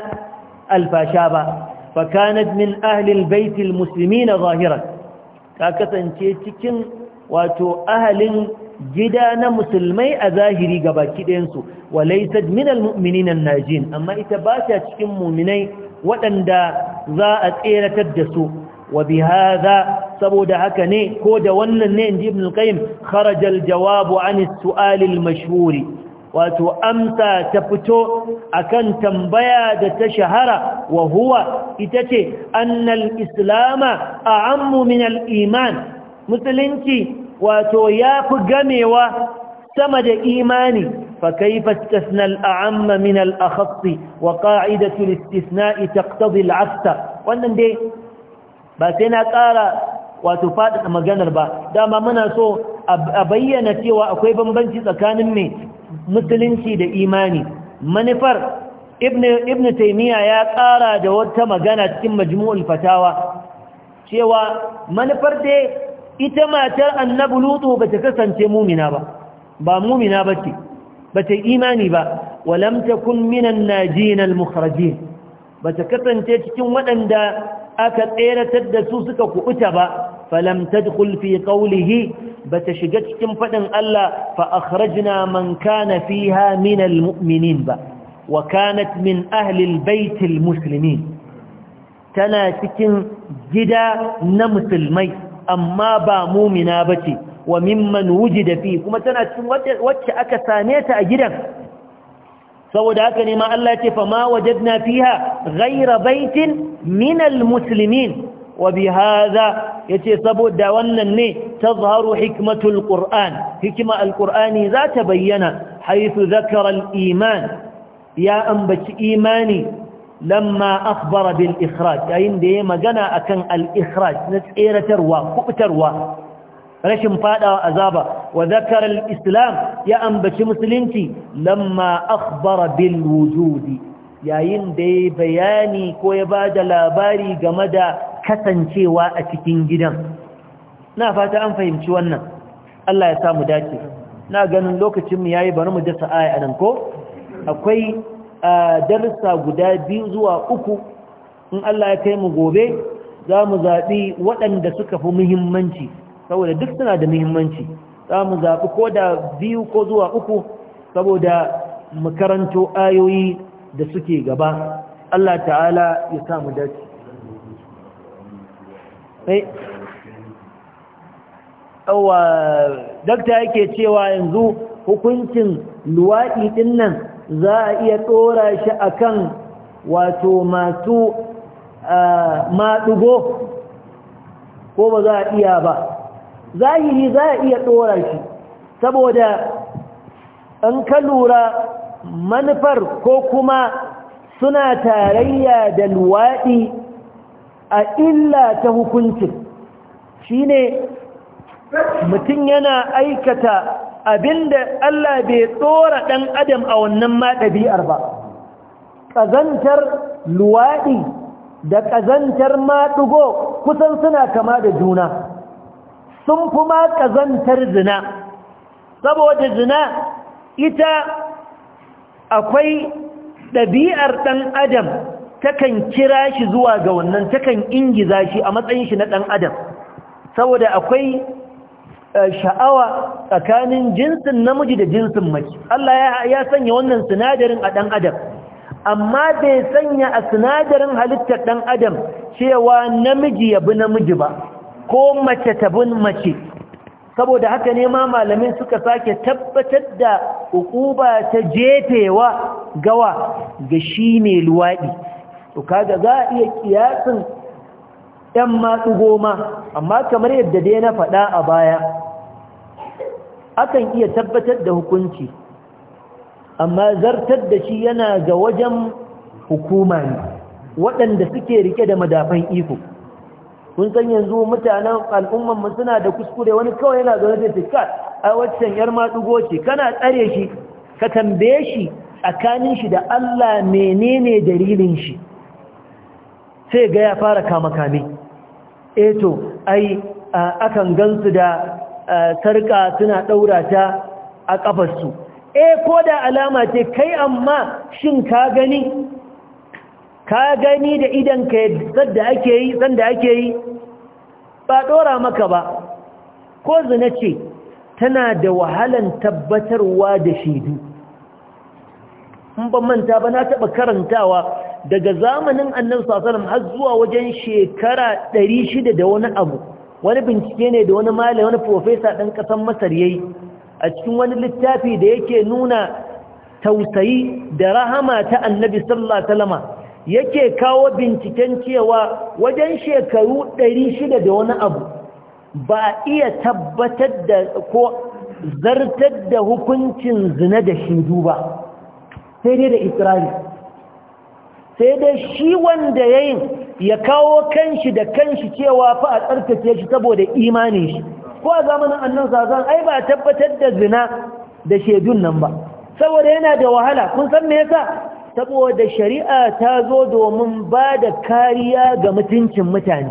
alfasha ba fakanat min ahlil baitil musulmi na ta kasance cikin wato ahalin gida na musulmai a zahiri ga baki ɗayansu walaisad min almu'minin najin amma ita ba ta cikin muminai waɗanda za a tseratar da su wa bi hadha saboda haka ne ko da wannan ne inji ibn al-qayyim kharaja al-jawabu an as-su'al al-mashhur wato amsa ta fito akan tambaya da ta shahara wa huwa ita ce annal islama a'ammu min al-iman musulunci wato yafi gamewa sama da imani فكيف استثنى الأعم من الأخص وقاعدة الاستثناء تقتضي wannan dai ba sai na قال wato faɗaɗa maganar ba dama muna so a bayyana cewa akwai bambanci tsakanin mai musulunci da imani manufar ibn taimiyya ya ƙara da wata magana cikin majmu'ul fatawa cewa manufar dai ita matar annabu lutu ba ta kasance mumina ba ba mumina ba ce ba ta imani ba walamta kun minan najin al ba ta kasance cikin waɗanda aka tseratar da su suka kubuta ba falam tadkhul fi ba bata shiga cikin fadin Allah fa akhrajna man kana fiha minal muminin ba wa kanat min ahli albayt musulmi tana cikin gida na musulmai amma ba mu'mina ce, wa mimman da fi kuma tana cikin wacce aka same ta a gidan saboda haka ne ma Allah ce fa ma wajadna fiha ghayra baitin min almuslimin wa bihadha yace saboda wannan ne tazharu hikmatul qur'an hikma alqur'ani za ta bayyana haythu zakara aliman ya ambaci imani lamma akhbara bil ikhraj yayin da ya magana akan al ikhraj na tseratarwa kubutarwa rashin fadawa azaba wa zakara al-islam ya ambaci musulunci lamma akhbara bil wujudi yayin da ya bayani ko ya bada labari game da kasancewa a cikin gidan na fata an fahimci wannan Allah ya samu dace na ganin lokacin mu yayi bari mu dasa aya anan ko akwai darussa guda biyu zuwa uku in Allah ya kai mu gobe za mu zaɓi waɗanda suka fi muhimmanci saboda duk suna da muhimmanci za mu zaɓi ko da biyu ko zuwa uku saboda makaranto ayoyi da suke gaba Allah ta'ala ya samu dace sai eh. awa dakta yake cewa yanzu hukuncin luwaɗi ɗin nan za a iya ɗora shi akan wato masu ah, maɗugo ko ba za a iya ba zahiri za a iya ɗora shi saboda an ka lura manufar ko kuma suna tarayya da luwaɗi a illa ta hukuncin shi ne mutum yana aikata abinda Allah bai tsora ɗan adam a wannan maɗabi'ar ba ƙazantar luwaɗi da ƙazantar maɗugo kusan suna kama da juna sun kuma ma ƙazantar zina saboda zina ita akwai ɗabi'ar ɗan adam takan kira shi zuwa ga wannan takan ingiza shi a matsayin shi na ɗan adam saboda akwai eh, sha'awa tsakanin jinsin namiji da jinsin mace Allah ya sanya wannan sinadarin a ɗan adam amma bai sanya a sinadarin halittar ɗan adam cewa namiji ya bi namiji ba ko mace tabin mace saboda haka ne ma malamin suka sake tabbatar da hukuba ta jefewa gawa ga shi ne luwaɗi to kaga za a iya kiyasin ɗan matsu goma amma kamar yadda dai na faɗa a baya akan iya tabbatar da hukunci amma zartar da shi yana ga wajen hukuma ne waɗanda suke rike da madafan iko kun san yanzu mutanen al'umman mu suna da kuskure wani kawai yana zaune da tikka a waccan yar ma dugo ce kana tsare shi ka tambaye shi tsakanin shi da Allah menene dalilin shi sai ga ya fara kama kame eh to ai akan gansu da sarka suna daura ta a kafarsu eh ko da alama ce kai amma shin ka gani ka gani da idan ka yadda ake yi sanda ake yi ba ɗora maka ba ko zina ce tana da wahalan tabbatarwa da shaidu in ban manta ba na taɓa karantawa daga zamanin annan sasalam har zuwa wajen shekara 600 da wani abu wani bincike ne da wani malai wani profesa ɗan ƙasan masar ya yi a cikin wani littafi da yake nuna tausayi da rahama ta annabi sallallahu yake kawo binciken cewa wajen shekaru 600 da wani abu ba iya tabbatar da ko zartar da hukuncin zina da shidu ba sai dai da isra'il sai dai shi wanda yayin ya kawo kanshi da kanshi cewa fa a tsarkace shi saboda imanin shi ko a zamanin annan sazan ai ba tabbatar da zina da shedun nan ba saboda yana da wahala kun san me yasa saboda shari'a ta zo domin ba da kariya ga mutuncin mutane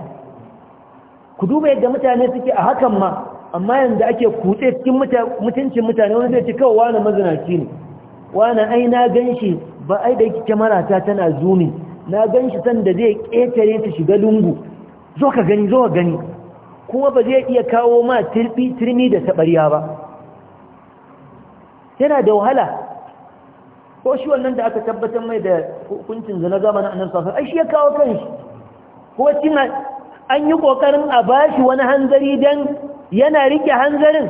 ku duba yadda mutane suke a hakan ma amma yadda ake kutse cikin mutuncin mutane wani zai ci kawo wani mazinaci ne wani ai na gan shi ba ai da yake ta tana zumi, na gan shi sanda zai ƙetare ta shiga lungu zo ka gani zo ka gani kuma ba zai iya kawo ma turmi da taɓarya ba yana da wahala ko shi wannan da aka tabbatar mai da hukuncin zina zamanin annabi sallallahu alaihi ai shi ya kawo shi. ko cin an yi kokarin a bashi wani hanzari dan yana rike hanzarin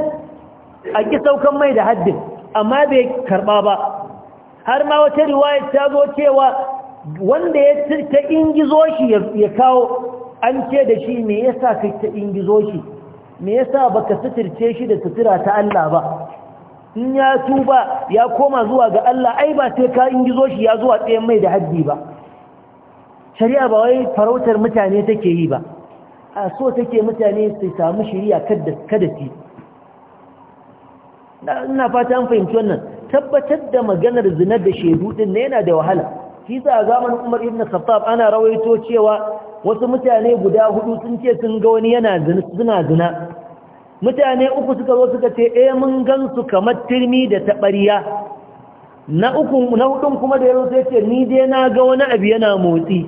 a ƙi saukan mai da haddin amma bai karɓa ba har ma wata riwaya ta zo cewa wanda ya ta ingizo shi ya kawo an ce da shi me yasa ka ta ingizo shi me yasa baka suturce shi da sutura ta Allah ba in ya tuba ya koma zuwa ga Allah ai ba sai ka in gizo shi ya zuwa tsayen mai da haddi ba shari'a ba wai farautar mutane take yi ba a so take mutane su samu shari'a kada kada ci ina fata an fahimci wannan tabbatar da maganar zinar da shedu din ne yana da wahala shi sa a zaman Umar ibn Khattab ana rawaito cewa wasu mutane guda hudu sun ce sun ga wani yana zina zina mutane uku suka zo suka ce eh mun gansu kamar turmi da taɓariya na uku na hudun kuma da yazo sai ce ni dai na ga wani abu yana motsi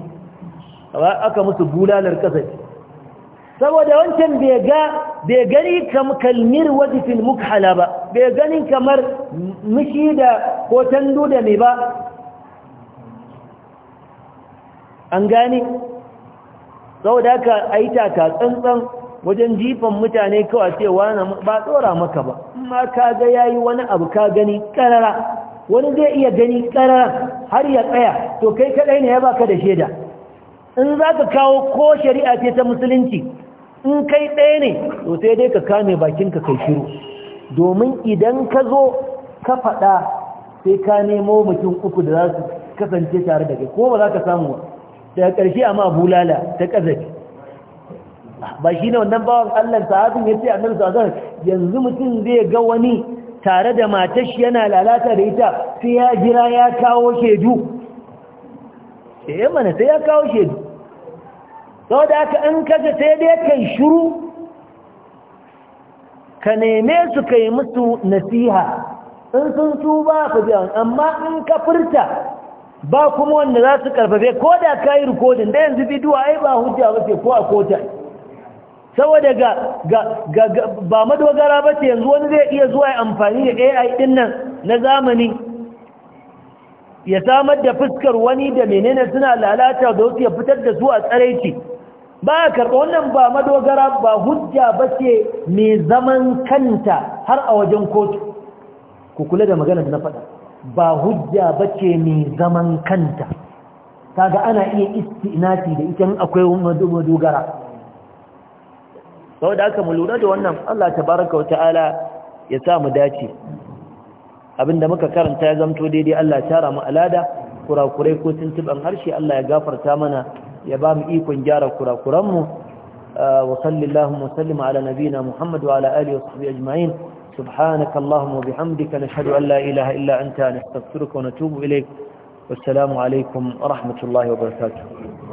aka musu bulalar kasafi saboda wancan bai ga bai gani kam kalmir wadi fil mukhala ba bai gani kamar mishi da ko tandu da me ba an gani saboda aka aita ta tsantsan wajen jifan mutane kawai cewa ba tsora maka ba amma ka ga yayi wani abu ka gani karara wani zai iya gani karara har ya tsaya to kai kadai ne ya baka da shaida. in za ka kawo ko shari'a ce ta musulunci in kai ɗaya ne to sai dai ka kame bakinka kai shiru domin idan ka zo ka faɗa sai ka nemo mutum uku da za su kasance tare da kai ko ba za ka samu ba daga ƙarshe amma bulala ta ƙazafi ba shi ne wannan bawan Allah sahabin ya ce annabi sallallahu yanzu mutum zai ga wani tare da matar yana lalata da ita sai ya jira ya kawo shedu eh mana sai ya kawo shedu da haka an kaga sai dai kai shiru ka neme su kai musu nasiha in sun ba ku biya amma in ka furta ba kuma wanda za su karfafe ko da ka yi rikodin da yanzu bidiyo ai ba hujja ba ko a kota saboda ga ba madogara ba ce yanzu wani zai iya zuwa amfani da ai din nan na zamani ya samar da fuskar wani da menene suna lalata da wasu ya fitar da su a tsaraici ba a karɓa wannan ba madogara ba hujja ba ce mai zaman kanta har a wajen kotu ku kula da magana da na faɗa ba hujja ba ce mai zaman kanta kaga ana iya istinati da ita akwai madogara sau da aka mu lura da wannan Allah tabaraka wata'ala ya sa mu dace abinda muka karanta ya zamto daidai Allah ya tara mu alada kurakurai ko tuntuban harshe Allah ya gafarta mana ya ba mu ikon gyara kurakuran mu ah, wa sallallahu wa sallama ala nabiyina Muhammad wa ala alihi wa sahbihi ajma'in سبحانك اللهم وبحمدك نشهد أن لا إله إلا أنت نستغفرك ونتوب إليك والسلام عليكم ورحمة الله وبركاته